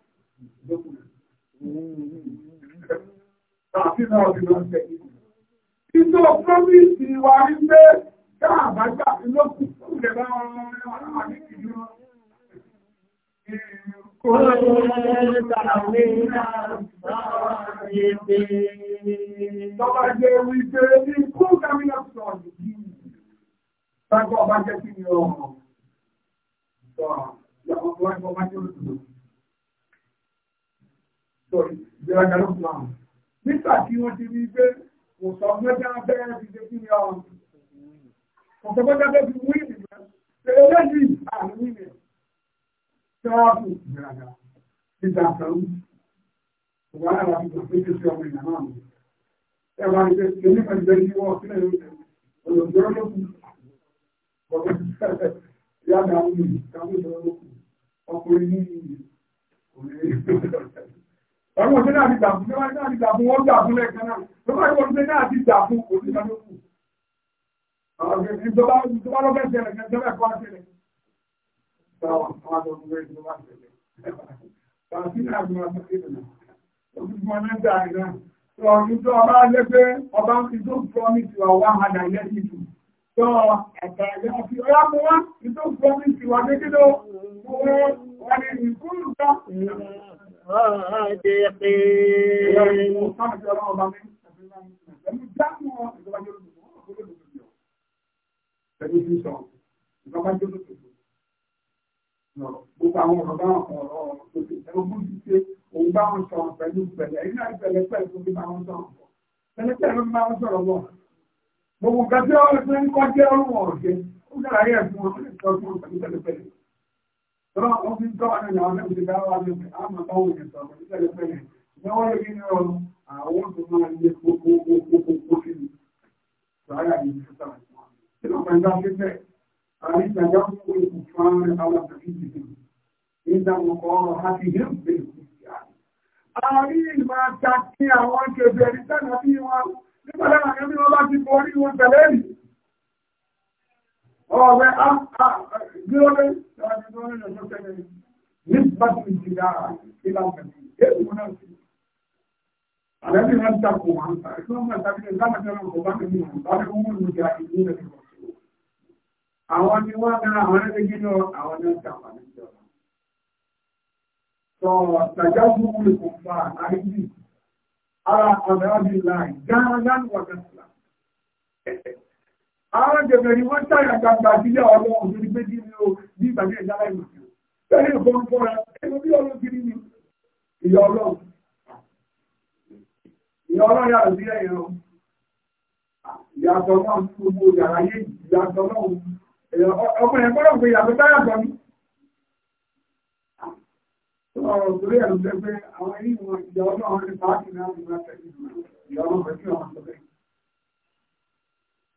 Ìjọ promise wa rí pé káà bá gbà lókùn kúrẹ̀ bá wọn àwọn àdíkì yóò. Kò lọ́wọ́ tààrí náà bá wà ní pé. Tọ́bá jẹ́ wípé ní kó kàmílà sọ̀rọ̀ yìí. Tágbọ́ ọba jẹ́ kí ni ọ̀rọ̀. Sọ̀rọ̀, lọ́wọ́ sọ̀rọ̀ ìgbéraga ló fún àwọn. nígbà tí wọ́n ti rí pé kò sọ mẹ́ta bẹ́ẹ̀ fi ṣe kí ni ọ̀hún. kò sọ mẹ́ta bẹ́ẹ̀ fi wí ìlú rẹ̀. tẹ̀lé lẹ́yìn àmì wí rẹ̀. sọ́ọ̀bù ìgbéraga ti dà sọ́rù. wọ́n á rà bí wọ́n fi ṣe sí ọmọ ìlànà àmì. ẹ wá ní pé èmi pẹ̀lú bẹ́ẹ̀ ni wọ́n sílẹ̀ lóde. olùdó ló kù. yàrá àwọn ọkùnrin ní ìlú. Ẹ̀wọ̀n òṣèré àti ìgbà fún, ṣẹ́wọ́n àti ìgbà fún, wọ́n gbà fún lẹ́ẹ̀kan náà. Lọ́pàá ìwọ̀n òṣèré àti ìgbà fún, òṣèré ló kù. Àwọn ìjọba lọ́fẹ́ ṣẹlẹ̀, ìjọba ẹ̀kọ́ ṣẹlẹ̀. Àwọn àjọ ìgbẹ́ ìjọba ṣẹlẹ̀. Àwọn sínú àjọ ìgbà ṣẹlẹ̀. Òṣìṣẹ́ ọmọ ẹgbẹ́ àìrá. Ọjọ́ ọba Gbogbo àwọn ọ̀rọ̀ ọ̀rọ̀ ọ̀rọ̀ tó ti ẹ̀rọ bú ti ṣe òun bá wọn sọ̀rọ̀ pẹ̀lú pẹ̀lẹ́ iná ìpẹ̀lẹ́ pẹ̀lú tó fi bá wọn sọ̀rọ̀ pọ̀. Pẹ̀lẹ́ pẹ̀lú bá wọn sọ̀rọ̀ pọ̀. Gbogbo nǹkan tí wọ́n ń kọ́ jẹ́ ọ̀rọ̀ ọ̀rọ̀ jẹ́ ó dára rí ẹ̀fún wọn lè sọ fún wọn pẹ̀lú pẹ̀lú pẹ̀lú. Tọ́lá wọn fi ń tọ́ àwọn ènìyàn náà ti dáwà ní ọ̀pẹ̀ àmọ́ táwọn ènìyàn sọ̀rọ̀ ní tẹ́lẹ̀ pẹ́lẹ̀. Ìyáwó lè ní ọ àwọn tó máa ń lé kókókókókó sí ni. Sàárà yìí ti sọ̀rọ̀ sí wọn. Kí ló máa ń dá síbẹ̀? Àrí ìtajà ń kó ikú fún àwọn àtàkì ìdìbò. Ìdá mọ̀kọ́ ọ̀rọ̀ wọn bá ti borí wọn tẹ̀lé yìí ọ̀rẹ́ áńkà gbíọ́lẹ́ láti lórí ẹ̀jọ́ tẹ́lẹ̀ nígbà tí ìjìyà ìlà ọ̀gbẹ̀ni èèwù náà sí. Àlẹ́bí náà dàpọ̀ wọn nípa ẹ̀kọ́ ọmọ ìtàkì ìlànàjọ́ náà kò bá mi wọn bá mi wọ́n mú ìjà ìlú rẹ̀ lọ sí. Àwọn ni wọ́n dára àwọn ẹgbẹ́ gíní ọ àwọn náà dàpọ̀ níjọ. Sọ tàjà gbogbo ìkùn fa àìsí ara ọ̀dọ́ ọdún láì gángan wọ̀gán àwọn jẹ̀bẹ̀ ni wọ́n tààrà gbàgbà sílẹ̀ ọ̀rọ̀ òṣèlú pé tí ní o bí ìgbàgbé ìdára ìmọ̀ tẹ́lẹ̀ ìbọn fọ́ra ẹnu bí ọlọ́ kiri ni ìyá ọlọ́run ìyá ọlọ́run yàrá sí ẹ̀yẹ o ìyàtọ̀ náà gbogbo yàrá yé ìyàtọ̀ náà ọmọ ẹ̀ gbọ́dọ̀ pé ìyàtọ̀ táyà tọ́ ni. ọ̀rọ̀ torí ẹ̀rù jẹ́ pé àwọn ẹ̀yìn wọn ìyá ọlọ́run ní pàákì náà ti máa tẹ̀lé ìyá ọlọ́run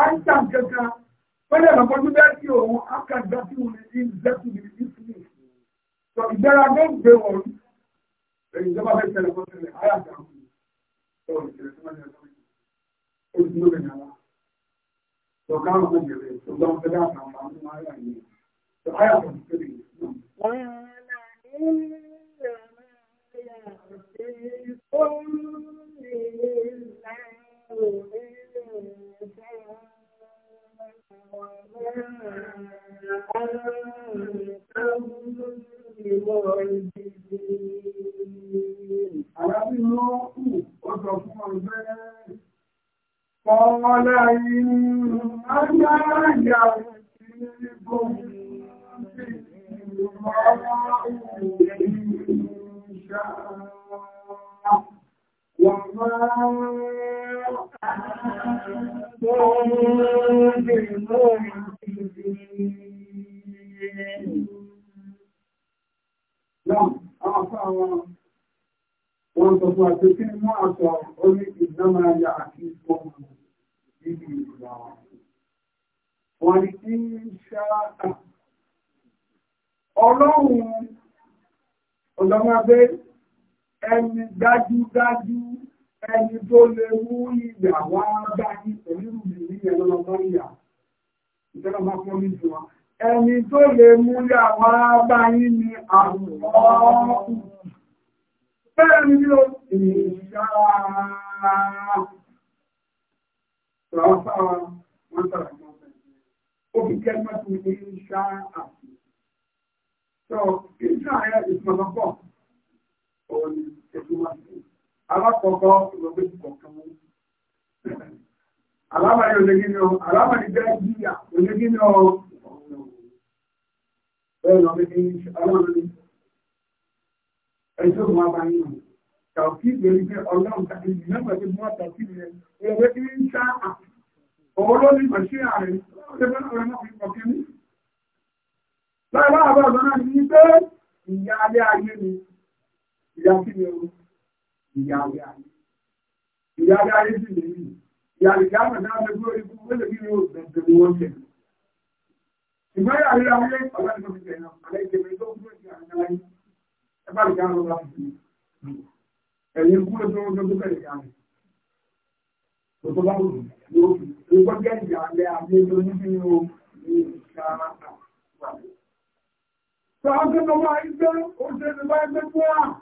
àìsàn kankan wọ́n lè lọ́kọ́ tó bẹ́ẹ̀ sí òun àkàgbà tí wọ́n lè ní ìzẹ́kù ní ìsúlẹ̀ sọ ìgbéra ló ń gbé wọn ìjọba fẹ́ tẹ̀lé kọ́ tẹ̀lé ayé àgbà wọn sọ ìṣẹ̀lẹ̀ tó máa ń yàtọ̀ ojúmọ́ bẹ̀ yàrá sọ káwọn kan jẹ̀rẹ̀ sọ gbọ́n fẹ́ dáhà àwọn àwọn ayé àyè sọ ayé àgbà wọn tẹ̀lé wọn. Àyàbí ló kù ọjọ́ fún ọgbẹ́ ọmọlá inú agbára ìyá ti ní gbogbo sí ìlú ọmọ ìrìn ìṣàrà. وما أنتم بمعجزين نعم أعطى wọ́n sọ fún àti kí mú àṣọ orí ìdámáyà àti ìfọ́nà níbi ìgbà wọn ni kí ń ṣáàkà ọlọ́run ọ̀dọ́mọ́bẹ́ ẹni dájúdájú ẹni tó lè mú ìyà wá bá ní onírúurú ní ẹ̀rọ lọ́yà ìjọba máa fọ́ ní ìjọba ẹni tó lè mú ìyà wá bá yín ní àrùn ọ̀ọ́kù bẹ́ẹ̀ ni bí ó ìyá ràáfà wọn tàrà mọ́ òbí kẹ́gbẹ́ tó ní ìṣá àti. So, ìṣá yẹn ìsọ̀rọ̀ pọ̀ òní ètùmáṣí alákọ̀ọ́kọ́ ìrọ̀gbé kọ̀ọ̀kan mú. alábàáyé onígínní ọ alábàáyé jẹ́ ìjìyà onígínní ọ bẹ́ẹ̀ lọ bí ní ọlọ́run ẹjọ́ máa bá yín hàn tàbí ìgbèrú pé ọlọ́run tàbí ìgbìmọ̀ pẹ̀lú mọ́ tàbí ìyẹn ìrọ̀gbé kí ń sá òun ló ní màṣí ààrẹ ọlọ́run tẹ́lẹ̀ ọ̀rẹ́ náà fi kọ̀ọ̀kan ní. láì bá àbá ọ̀dọ́ náà ní pé ìyá alẹ́ ayé ni ìyá kí ni o ìyá rẹ̀ ayé ìyá rẹ̀ ayé sì lè yìí ìyá rẹ̀ dáhùn náà lè gbé orí gbogbo lè kí ni o bẹ̀rẹ̀ ni wọ́n tẹ̀. ìgbọ́n yà rẹ̀ ayé ọ̀la ni tẹ̀ náà àlẹ́ ìkẹ̀mẹ̀ tó kúrò sí àwọn ẹ̀yà yìí ẹ bá lè dáhùn lọ́la fún mi ẹ̀yìn kúrò tó ń tó bẹ̀rẹ̀ yà rẹ̀ tó bá wù yóò fi ìgbọ́n jẹ́ ìyá rẹ̀ ayé tó ń gbé oṣù tó bá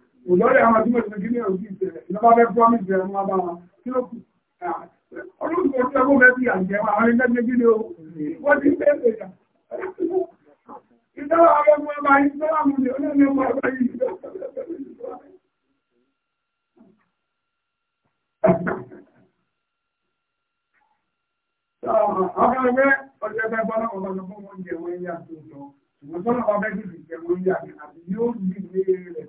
olórí àwọn àdúgbò ìṣẹ́ gíní òbí ìṣẹ̀lẹ̀ ìjọba fẹ́ promise ẹ̀ kí ló kù ọdún tó ti àwọn ti yà àwọn ọmọ yìí ọmọ yìí Àwọn bọ́lá tó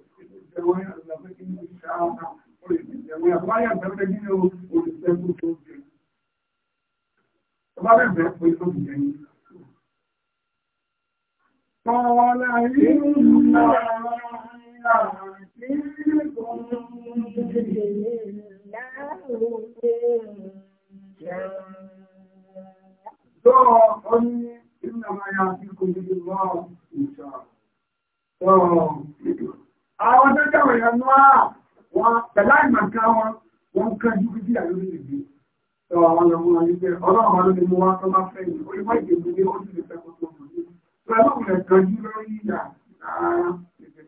ìjẹun àgbà pé kí ni ó ṣe àwọn olùsẹ̀wé àbáyà ni olùsẹ̀wé àwọn tó jáwọ̀ èèyàn ní wọn pẹ̀lá ìmọ̀ká wọn wọ́n kán jú kí àlú ní ìgbé ẹwà wọn lọ wọn ní pé ọlọ́run wọn ló lè mú wá tó bá fẹ́ yìí ó lè má ìgbé ní ó sì lè fẹ́ kó tó mọ̀ ní pẹ̀lú ìrẹ̀ kan jú lórí ìyà rárá ìgbé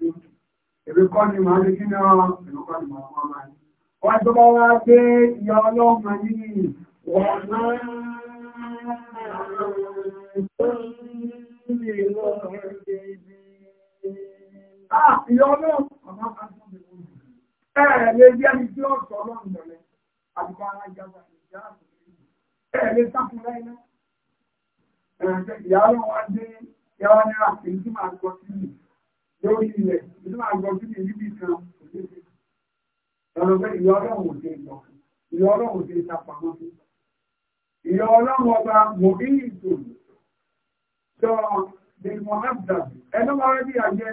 èmi kọ́ ni màá lè kí náà èmi kọ́ ni màá wọ́n máa ní wọ́n tó bá wá gbé ìyá ọlọ́run ní wọ́n máa ìyọ́ náà ọ̀nà bá tó lè wọ́n. Ẹ lè jẹ́ mi tí ó sọ lọ́nà ìrọ̀lẹ́ àdúgbò ara ìjọba ìjà àgbẹ̀. Ẹ lè sáfún lẹ́yìn náà. Ẹ̀rẹ̀ ìyá náà wá dé ìyá wa ní àpè tí màá gbọ́ sí mi lórí ilẹ̀ tí màá gbọ́ sí mi níbi kan kò dé sí. Ẹ̀rọ pé ìyọ́ náà ò dé lọ. Ìyọ́ náà ò dé sapamọ́ sí. Ìyọ́ náà ọba mò ń bí àjẹ́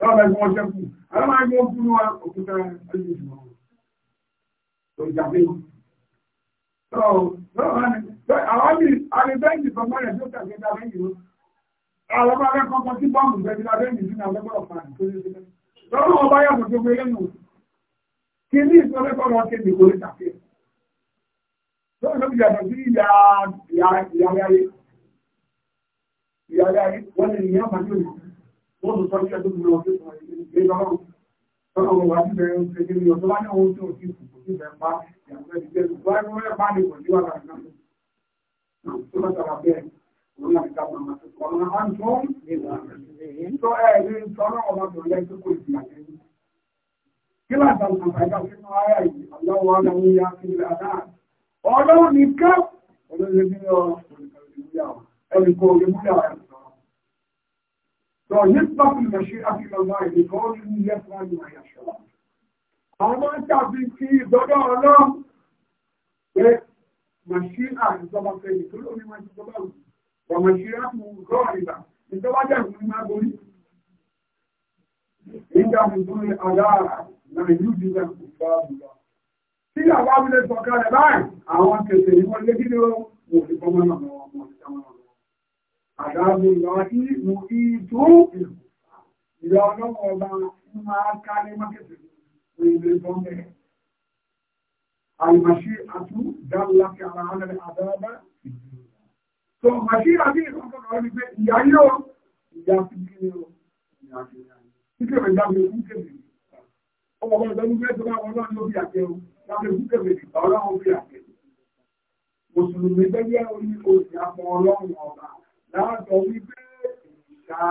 lọ́wọ́ ẹgbẹ́ wọn ṣẹ́kù àwọn máa yọ fún wa òkúta ẹgbẹ́ ìṣòro tó so àwọn ní alẹ́bẹ́yìn tó mọ́rẹ̀ tó tàbí ìdábẹ́yìn ló àwọn ọmọ abẹ́ kọ́kọ́ tí bọ́ọ̀mù bẹ́ẹ̀ ìdábẹ́yìn sínú abẹ́gbọ́rọ̀ fàánì tó ní sílẹ̀ lọ́wọ́ wọn bá yàgò tó gbé lẹ́nu kí ní ìsọ̀rọ̀ kọ́rọ̀ kéde kò ní tàfẹ́ lọ́wọ́ ló fi yàtọ̀ sí ìyá ìyá ayé ìyá ayé wọ́n lè yàn máa lónìí wọ́n tó sọ́kí ẹ̀dùn mi lọ sí ìgbéga ọ̀rọ̀ tọ́lá wọn wá síbẹ̀ ẹgbẹ́ mi ọ̀tọ́ bá ní ohun tí ò sí kù kò sí ìbẹ̀ pa ìyàwó ẹni jẹ́ ṣùgbọ́n ẹni wọ́n bá ní ìwọ̀n níwájú àti náà tó bá tara bẹ́ẹ̀ òun náà ká máa tó kọ́ ọ̀nà á ń tọ́ ìtọ́ ẹ̀ ní tọ́lá ọmọ tó lẹ́ tó kò ìgbà lẹ́yìn kí láti àwọn àgbàjá sínú ara yìí aláwọ̀ ara ń ya sí ilẹ̀ àdáà ọlọ́run nìkan olóyè bí ọ ẹnì kan ò lè múlẹ̀ àwọn So nisbat al-mashi'a ila Allah bi qawlihi yaf'alu ma yasha. Àwọn tàbí kí dọ́dọ̀ ọlọ́ pé mashi'a ìjọba fẹ́yìn tó lómi wọn ti jọba wù. Wọ́n mashi'a mú rọ́ ìgbà ìjọba jẹ́ ìwé máa borí. Ìjà mi tún ní alára na ìlú ìjìnlẹ̀ kò fà á bù lọ. Tí àwọn abúlé sọ̀kalẹ̀ báyìí, àwọn kẹsẹ̀ ni wọ́n lé kí ni ó wò ní kọ́mọ́nà àwọn ọmọ rẹ̀. Àdáàbò ìyọ̀wọ́dí mú ìdó ìlú. Ìyọ̀ ọlọ́pọ̀ ọba ń máa ká ní mákẹ̀tì ìlú ìbọnbẹ̀. Àìmàṣí àtú dáwọ́láfẹ́ ara alẹ́ àdáàbá. So, màṣí àti ìrọ̀kọ̀ ọ̀rọ̀ ni pé ìyá yóò ìyá fi kí ni ó. Kíkẹ́ rẹ̀ dábẹ̀ ìlú kèbè. Ọmọ ọba ìdánú fẹ́ tó bá wọn náà ló fi àjẹ́ o. Dábẹ̀ ìlú kèbè ìgbà ọlọ́run fi àjẹ́. Mùsùlùmí gbẹ́gbẹ́ orí oṣù àpọ̀ ọlọ́run ọba láàjọ wípé ìṣáà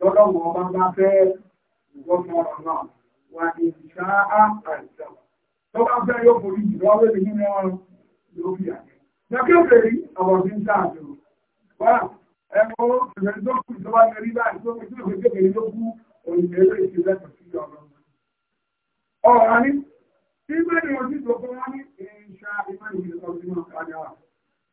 lọ́dọ̀ wọn bá bá fẹ́ ìwọ́mọ̀rọ̀ náà wà ní ìṣáà àìsàn tó bá fẹ́ yóò forí jù lọ́wọ́ lè nínú ọrùn yóò fi àjẹ́. Lọ́kẹ́fẹ́ rí àwọn tí ń sáàjò wà ẹ̀kọ́ ìrẹ̀lẹ́ tó kù tó bá fẹ́ rí báyìí tó fi tó fi kékeré ló kú òyìnbó èsì lẹ́tọ̀ọ́ sí ọ̀rọ̀. Ọ̀rọ̀ ni, tí mẹ́rin ojú tó fún wọn ní ìṣá ìmọ̀ ìgbésọ̀ sí wọn kájà wà.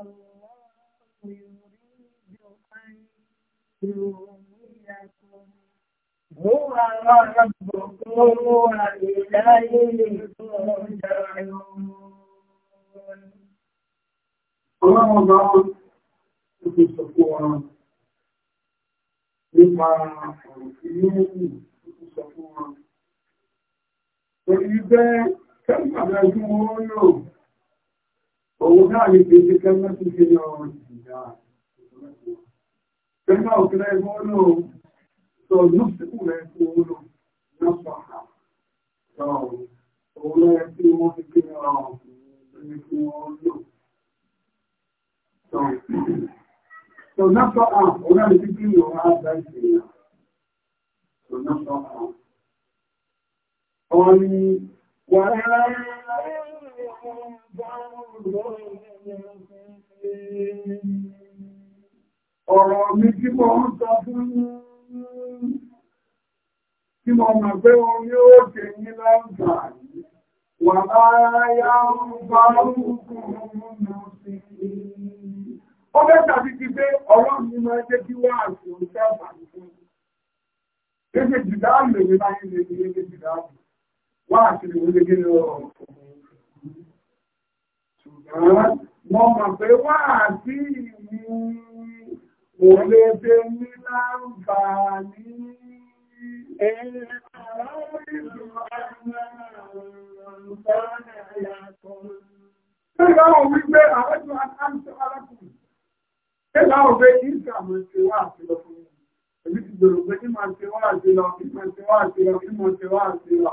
الله يريد أن يغويكم هو ربكم وإليه ترجعون Ọlọ́run bá ó ti sọ fún wọn nípa ọ̀rọ̀ ilé ìlú ó ti sọ fún wọn. Òyìnbẹ́ kẹ́lùmọ̀ lẹ́gbẹ̀ẹ́ wọn lò òun náà lè pèsè kẹ́mọ́ tó ṣe yọ ìjà kẹ́mọ́ òkèrè ẹgbọ́n náà sọ lọ́sìkò rẹ̀ fún òun náà sọ̀hà òun náà tí wọ́n fi kí ẹni tí wọ́n lò sọ lọ́sọ̀ àm òun náà lè fi kí ìwọ̀n àbá ìṣẹ̀lẹ̀ sọ lọ́sọ̀ àm ọ̀ni wàhálà Ọ̀rọ̀ mi tí mo ń sọ fún tí mo mọ̀ pé wọn ó ṣe ní láǹfààní, wà láyá ń bá ó mẹ́ta ti ti pé ọ̀rọ̀ mi máa jẹ́ kí wá àti òṣìṣẹ́ àbàmì fún mi. jìdáàmì lè Wá àti ṣùgbọ́n wọ́n mọ̀ pé wà sí ìmú kò lè ṣe ní láǹfààní ẹ̀rọ ìlú Ẹgbàwọ̀ wípé àwọn ìjọ àkáǹtì alákùnrin. Ẹgbàwọ̀ pé ìgbà mọ̀ ṣe wà àti lọ fún mi. Èmi ti gbèrò pé kí máa ṣe wà àti lọ, kí máa ṣe wà àti lọ, kí máa ṣe wà àti lọ.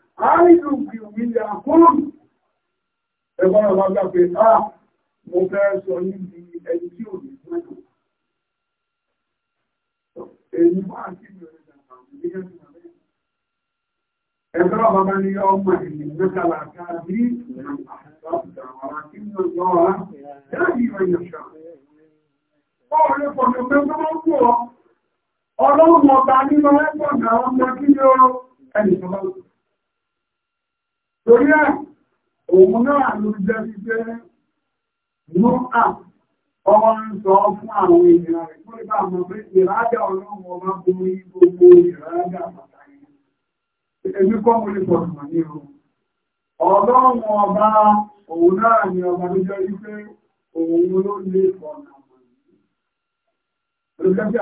àìlú ìwìyà fún ẹgbọ́n ọ̀rọ̀ ọgbà pé a mo fẹ́ sọ níbi ẹni tí ò ní gbọ́dọ̀ èyí máa sí ìrìn Ẹgbẹ́ ọba bá ní ọmọ ìrìn mẹ́tàlá káàbí àwọn akíwọ̀n lọ́wọ́ láti ìrìn àṣà. Ọ̀rẹ́ pọ̀jọ̀ pé tó mọ́ kú ọ, ọlọ́run ọba nínú ẹgbọ̀n àwọn ọmọ kí ní ọrọ̀ ẹnìkan bá lọ́wọ́. Torí ẹ̀, òun náà ló jẹ́ wípé Nóà ọmọ ń sọ fún àwọn ènìyàn rẹ̀ fún ìgbà àmọ́ pé ìrájà ọlọ́run ọba borí gbogbo ìrájà pàtàkì. Èmi kọ́ mo lè sọ̀rọ̀ mọ̀ ní o. Ọlọ́run ọba òun náà ọba ló jẹ́ wípé òun ló lè sọ̀rọ̀ mọ̀ ní. Olùkẹ́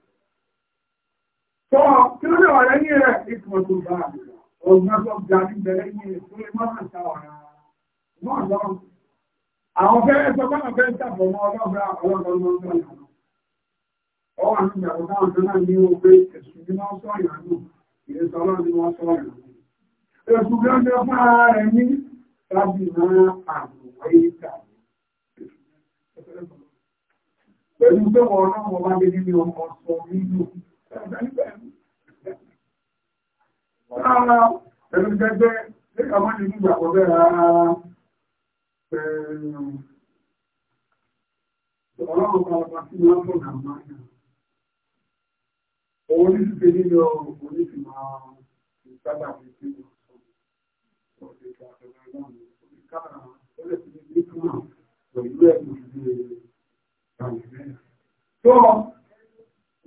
Tọ́ kí ló wà lẹ́yìn rẹ̀ ìtumọ̀ tó bá ọ̀gbọ́n tó ga ní bẹ̀rẹ̀ yìí rẹ̀ tó lè má máa ta wà rárá. Mọ́ ọ̀lọ́run. Àwọn fẹ́rẹ́ sọ pé àwọn fẹ́rẹ́ sàbọ̀ mọ́ ọlọ́gbà ọlọ́gbà ọlọ́gbà ọlọ́gbà. Ọwọ́ àti ìyàwó táwọn tó náà ní owó pé ẹ̀sùn ní máa sọ ìyànú. Ìrẹsọ̀ ọlọ́run ni wọ́n sọ ìyànú. Ẹ̀sùn bí wọ́n Ara ẹ̀rù jẹjẹ ní kàmọ́ ní ìgbàpọ̀ bẹ́ẹ̀ ara ẹ̀rù ọlọ́run kan ọba sí wọ́n fún àmà náà. Òun ní ti tẹ́lẹ̀ lọ òní ti máa ń sábà fi sí ọ̀sán. Ọ̀sẹ̀ ìgbà ọ̀sẹ̀ náà ní káàrà ọ̀sẹ̀ ti ní túmọ̀ pẹ̀lú ẹ̀kùn ìdílé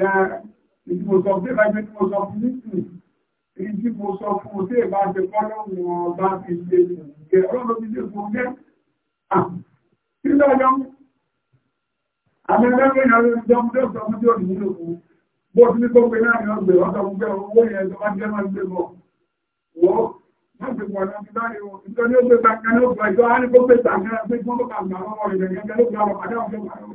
pé ìdí mo sọ pé bájẹ́ tí mo sọ fún nísìn èyí tí mo sọ fún o tí èbá ṣe fọ́lọ́mù ọba fi ṣe ìgbẹ́ ọlọ́run ti ṣe fún jẹ́ àtìlọ́jọ́ abẹ́lẹ́gbẹ́ ìyàwó ìjọmọdé ọ̀sọ̀mọdé òdìmúlò fún bó ti ní gbogbo náà ni ọgbẹ̀ ọ̀sọ̀mọdé owó yẹn tó bá jẹ́ máa gbé bọ̀ wọ́n má ti pọ̀ náà ti bá rí wọn nítorí ó gbé gbàgbé ló gbàgbé wọn á ní gbogbo ìtàgé ẹgbẹ́ tí wọ́n bá gbà lọ́wọ́ rẹ̀ gẹ́gẹ́ ló gbà lọ́wọ́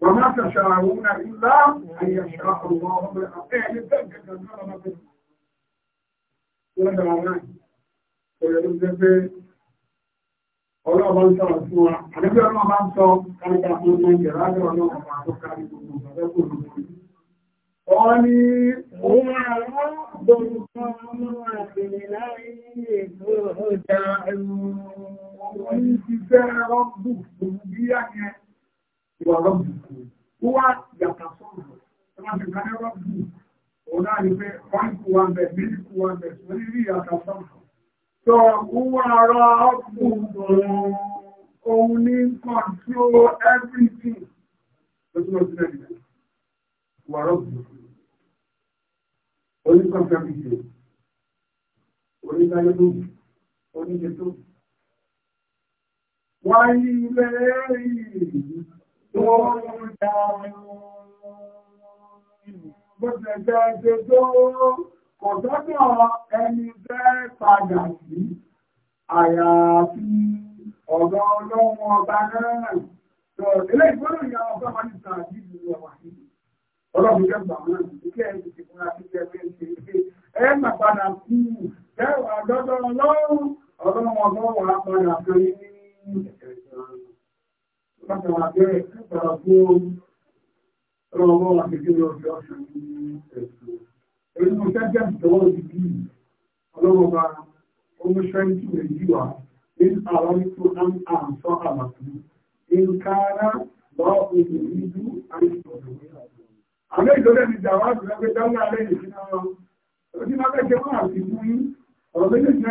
وما تشاءون إلا أن يشاء الله يعني ذلك كان ما بين Ọlọ́ọ̀bá ń sọ̀rọ̀ fún wa, àdébí ọlọ́ọ̀ bá ń sọ káríkà fún ọmọ ìjẹ̀rá jẹ́ ọlọ́ọ̀bá máa tó kárí gbogbo ọ̀rẹ́ kò lò wọ́n. Ọ ní òun àwọn gbogbo ọmọ àgbèrè láàrin ètò ọjà ẹ̀rùn ọmọ yìí ti fẹ́ rọ́gbù fún bí àyẹn ìwà rọ́bù ó wá yàtọ̀ sọ́ọ̀rọ̀ ẹ máa fi gbàgbé rọ́bù òun náà ni pé báńkì wà bẹ̀ mílíkì wà bẹ̀ sórí rí yàtọ̀ sọ́ọ̀rọ̀ tó wúwa rọ́bù òun ní control everything lọ́sọ̀rọ̀ sílẹ̀ nìyẹn ìwà rọ́bù oníkọ̀ọ̀kan fi ṣe oníkàyé lóbi Kò sọ́dọ̀ ẹni bẹ́ padà sí àyàfi ọ̀dọ̀ ọlọ́run ọba náà. Tọ́ ilé ìgbóná ìyá ọba wọn ní sàájì ìlú ọwà sí. Ọlọ́run jẹ́ gbà wọn láti kí ẹni ti fúnra sí ẹgbẹ́ ṣe ṣe. Ẹ mà padà sí ẹwà dọ́dọ̀ ọlọ́run ọlọ́run ọba wà padà sí ẹgbẹ́ ṣe látara bẹ́ẹ̀ látara fún ọlọ́wọ́ àgbẹ̀gbẹ̀ ọjọ́ ọ̀sán ní ẹ̀sùn èyí mo fẹ́ jẹ́ ìjọwọ́ ìdí ọlọ́wọ́ bá ọmọ ṣẹ́ńtì nàìjíríà ní àwọn tó ń àǹsọ́ àlàkù nǹkanra lọ́ọ̀ òkè nídú àìsọ̀rọ̀ àmì ìjọdẹ́ ni jàwá ti lọ́gbẹ́ dáwọ́ alẹ́ ìṣúná wọn òjì máa fẹ́ ṣe wọ́n àti fún yín ọ̀rọ̀ méjèèjì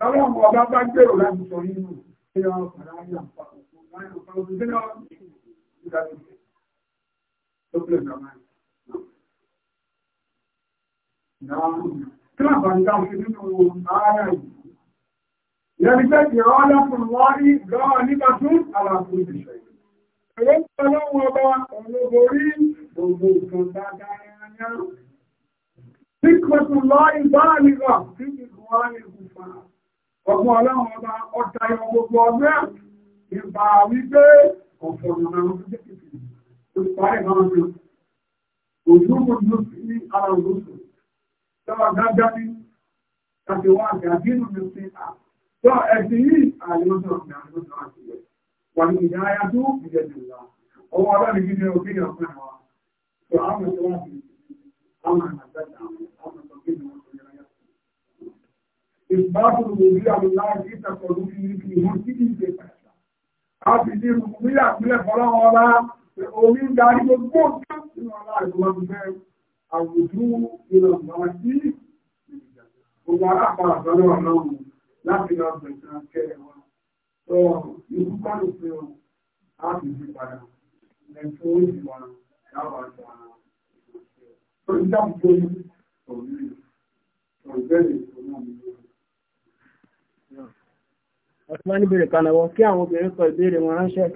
Láwọn ọmọ ọba bá gbèrò láti sọ nínú ìyá ọ̀pàdá ayé àpapọ̀ láyé ọ̀pàdá ọdún sínú ìdájọ́ tó pèlè ìdámá. Kí làbà ń dáhùn nínú ara yìí? Ìyẹ́ni nípa tún àlàfo ìṣẹ̀. Èyí ń sọ lọ́wọ́ ọba gbogbo nǹkan dáadáa ní àná. Bí kò tún lọ́ ìbáàlì rà sí ìgbòhánìkù ọgbọ́n ọlọ́run ọba ọ̀dà ìwọ̀n gbogbo ọgbẹ́ ìgbà wípé ọ̀fọ̀nà àwọn ọjọ́ kìkìkì tó parẹ́ máa ń lò òjú gbogbo sí ara òrùsù tọ́wọ́ dáadáa ní tàbí wọ́n àgbà dínú ní sí à tọ́ ẹ̀sìn yìí àlejò ọ̀gbìn àlejò àti ẹ̀ wà ní ìdá ayá tó ìjẹ́ jùlọ ọwọ́ ọlọ́run yìí ni òkè yàn fún àwọn ọ̀dọ́ fi àwọn àgbàdàn àwọn ọ̀dọ́ إثبات الوضوء لله تقربه في مسجد الفتح láti ní ìrùkúnlẹ̀ àpilẹ̀ fọ́lọ́wọ́ ọlá omi ń darí gbogbo nǹkan nínú ọlá ìwọ̀n fẹ́ àwùjú ìrọ̀lọ́wọ́ sí gbogbo alápàá àtọ́lọ́ ọlọ́run láti lọ bẹ̀rẹ̀ kẹrẹ wọn tó ikú kọ́lù pé wọn láti fi padà ẹ̀fọ́ òjì wọn láwọn àjọ àwọn òṣìṣẹ́ tó ń dábòbò yìí òní òjẹ́lẹ̀ ìfọ́nà mi Osman bèrè kanàwọ́ kí àwọn obìnrin kọ ìbéèrè wọn ránṣẹ́.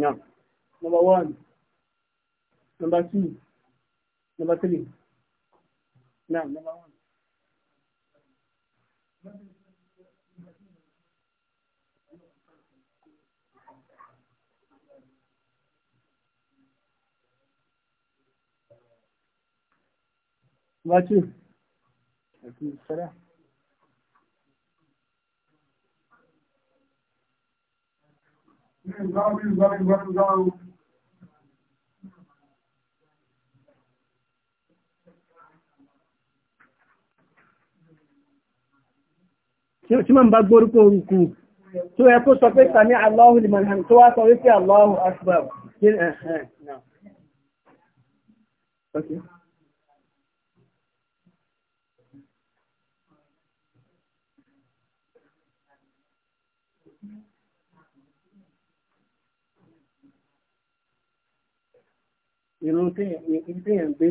Now, number one, number two, number three. Now, number one. Number two. Thank you, sir. very, very, very low. Tí máa ń bá gbórúkọ orúkú tó ẹ kó sọ pé sàmí Allahu liman hamid tó wá sọ wípé Allahu akbar. Eh, eh, okay. irun téèyàn gbé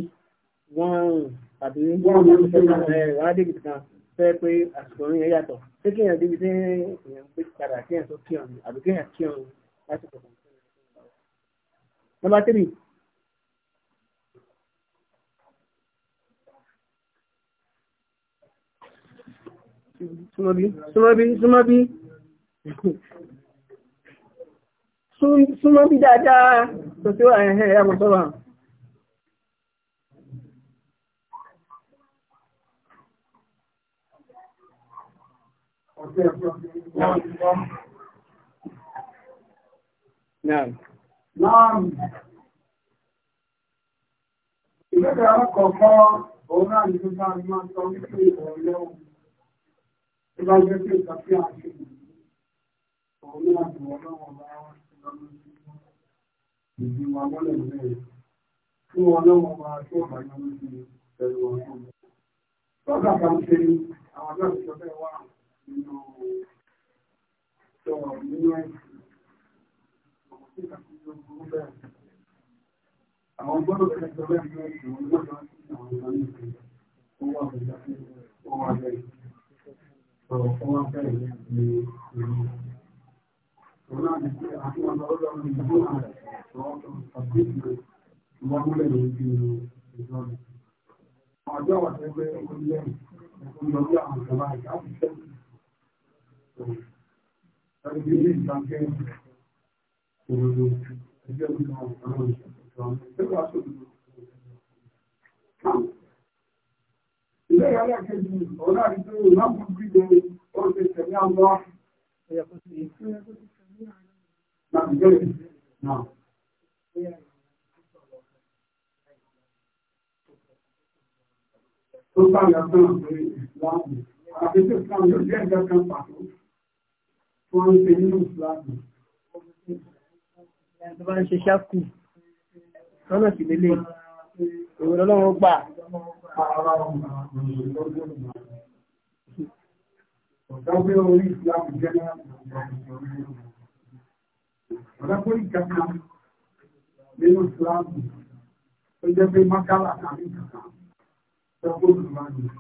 wọ́n rùn àbí wọ́n rùn wọ́n á débi kan fẹ́ pé àsìkò orin yẹn yàtọ̀ pé kéèyàn débi tí èèyàn gbé padà kéèyàn tó kí ọ̀run àbí kéèyàn kí ọ̀run lásìkò kan. Number three. Súnmọ́ bí, súnmọ́ bí, súnmọ́ bí. súnmọ́ bí dáadáa tó tí ó ẹ̀hẹ́ ẹ̀mọ̀ sọ́wọ́ Náàm. Ìgbẹ́gbẹ̀ ọkọ̀ọ̀kọ́ òun náà ní gbogbo àrímọ́ sọ wípé ọ̀lẹ́wọ̀n. Ìbájẹ́ tí ó sàfíà ṣe òun náà jù ọlọ́wọ̀n ìdí wa mọ́lẹ̀ mẹ́rin fún ọlọ́wọ́ máa tó àbáyọ lójú ẹ̀rọ ọ̀hún. Lọ́dà bá ń ṣe àwọn náà sọ bẹ́ẹ̀ wà nínú sọ̀rọ̀ nínú ẹ̀sìn. Àwọn gbọ́dọ̀ fẹ́ sọ bẹ́ẹ̀ ní ẹ̀sìn wọn gbọ́dọ̀ sí àwọn ọ̀gá ní ìpín. Ó wà bẹ̀rẹ̀ ó wà bẹ̀rẹ̀. Sọ̀rọ̀ fún wa bẹ̀rẹ̀ ní ìlú. Ọjọ́ wà tẹ́gbẹ́ orílẹ̀ ìgbòmí àwọn ìjọba ìjáàbùsẹ́. Ẹgbẹ́ ilé ìgbàkẹ́ òòrùn ẹgbẹ́ orílẹ̀ àwọn ọ̀rọ̀ ìjọba. Ilé ìyálẹ́ kejì, ọ̀rọ̀ àti tó lápùú gbígbé, ó ti tẹ̀lé àwọn ọ̀rọ̀ Tó sáàlẹ̀ ọ̀sán àpẹẹrẹ ìsìláàmù, àti tí ìsìláàmù yóò jẹ́ ẹ̀jẹ́ kan pàtó tó ń ṣe nínú ìsìláàmù. Ẹ̀jẹ́ bá ń ṣe ṣákù, lọ́nà sí lélẹ̀, òun lọ́lọ́wọ́ gbà. Ọ̀gá pé orí ìsìláàmù jẹ́ náà ọ̀dọ́kùnrin kẹta nínú ìsìláàmù tó jẹ́ pé mákàlá kàrí kàkà ọ̀dọ́kùnrin máa ń lò.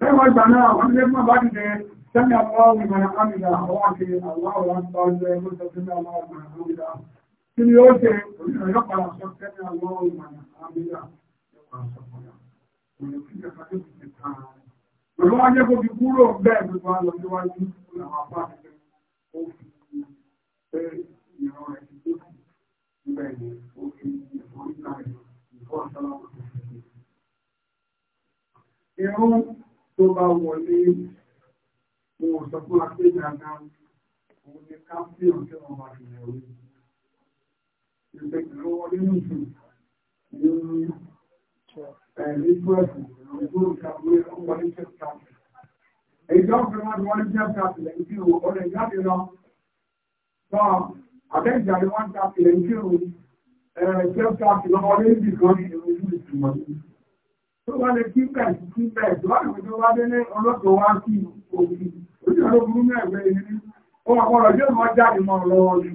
Lẹ́wọ̀n ìgbà náà, wọ́n lé fún àbájú jẹ sẹ́mi àwọn ìmọ̀ àmìlà àwọn àkèrè àwọn àwọn àgbà ọjọ́ ẹgbẹ́ tó sẹ́mi àwọn ìmọ̀ àmìlà. Kí ni ó ṣe oníṣẹ́ yóò padà sọ sẹ́mi àwọn ìmọ̀ àmìlà yóò padà sọ fọ́nà. Òyìnbó ajẹ́ kó fi kúrò bẹ́ẹ̀ gbogbo àlọ́ síwájú àwọn apá àti ó fi pé ìran rẹ̀ ti tó kù níbẹ̀ ni ó fi ìforíta rẹ̀ ìfọ́ àtàwọn òṣèlú. Irun tó bá wọlé mo sọ fún akéde àga òun ni káfíọ̀n tí wọ́n máa fìyà orí. Ìgbẹ́gbẹ́ wọlé nìkú ní ẹ̀rí 12 ìgbóhùn ìgbàgbé ọmọdé 12. Èyí ọ̀fẹ́ wọn ni wọ́n ní jẹ́ ṣàtìlẹ̀ ń kírun ọ̀rẹ́ ìjáde lọ. Sọ àtẹ́jà ni wọ́n ṣàtìlẹ̀ ń kírun jẹ́ ṣàtìlẹ̀ lọ́wọ́ léjì kan ní ìrìn ìlú ìtumọ̀ yìí. Tó wá lè kí bẹ́ẹ̀ sí kí bẹ́ẹ̀ tó wá lè tó wá délé ọlọ́tọ̀ wá sí òkú. Oṣù tó burú mẹ́rin ní ọmọ ọ̀rọ̀ yóò mọ jáde mọ́ lọ́wọ́ ni.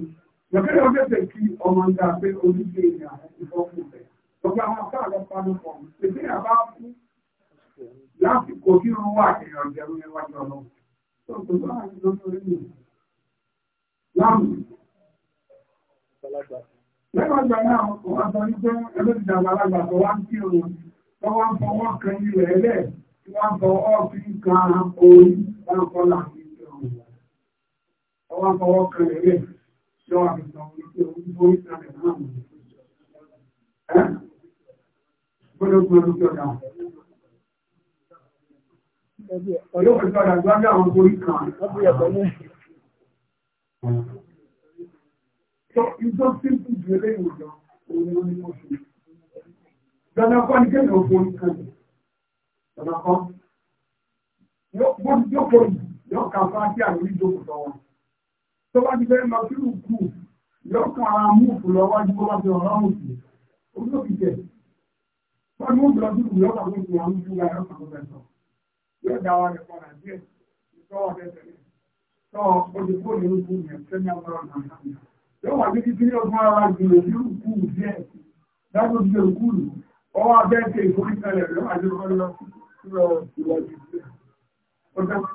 Yọ̀kẹ́ yóò fẹ́fẹ́ kí ọmọ ń dà pé ojúṣe ìrìn àti ìfọ́kùnfẹ́. Gbogbo àwọn afẹ́ àlọ́ lásìkò kí wọ́n wà èèyàn jẹun níwájú ọlọ́ Lẹ́gbàgbà náà, wọ́n sọ ní pé ẹlẹ́dìdà Olóògùn padà gbádùn àwọn orí kan. So, ìjọ sínkù jù eléyìí òjò, òun ni mo ṣe. Dandan kọ́ ni kéèyàn forí kan. Dandan kọ́. Yóò forí, yóò kà fún àti àwọn oníjókòó lọ́wọ́. Tó bá ti fẹ́ máa fi rù kù, yóò kàn án mú òkú lọ́wọ́ ju bó bá ti ọ̀rọ̀ mú sí. Ojú òkè jẹ́. Wọ́n mú òkú lọ́dún kù yóò kà fún ìwà ń fún ara ọ̀sán tó fẹ́ sọ yóò dá wa lẹ́kọ̀ọ́ rà díẹ̀ ìtọ́wọ́ tẹ́tẹ̀ ní tọ́ olùkọ́ ní ojú yẹn sẹ́ni àbúrò náà ní títí ọgbọ́n ní òkú díẹ̀ dágbò sí òkú lù ọwọ́ abẹ́ ṣe ìforíkalẹ̀ lọ́wọ́ àti ọlọ́ lọ ìwọ́jú ọjọ́ bẹ́ẹ̀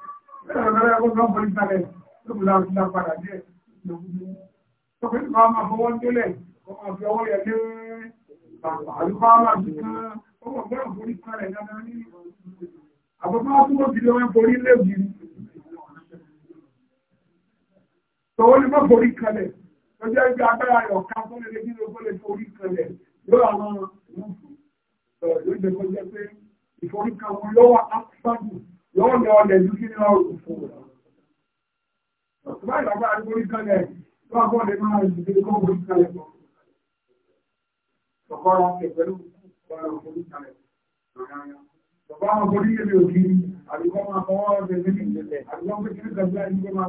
lọ́wọ́ ọgbọ́n foríkalẹ̀ tó kù láti lá padà díẹ̀ ní àbọ̀bá túnbọ̀ ti lọ wọ́n borí lẹ́bí tọwọ́ ní mọ́ borí kalẹ̀ lọ́jọ́ ibi agbára rẹ̀ ọ̀ká tó lè lè nílò tó lè forí kalẹ̀ lọ́wọ́ àwọn rúfù ló jẹ́ kó jẹ́ pé ìforíkanwó lọ́wọ́ ápùpáàdù lọ́wọ́ lọ ọ̀lẹ̀ ju kí ní ọrùn fún wọn. ọ̀túnbá ìlàgbára borí kalẹ̀ lọ́wọ́ bọ́ lè máa ìdílé kọ́ borí kalẹ̀ bọ̀. ọ̀kọ́ra kẹfẹ́ ló kú ọ̀rọ̀ forí kalẹ̀ lọ́wọ́ bàbá àwọn borí lè òkè àdìgbọ́n máa fọwọ́ ọ̀rẹ́ lẹ́yìn ìjẹ́lẹ̀ àdìgbọ́n pé kí ní gbàgbé àdìgbọ́n máa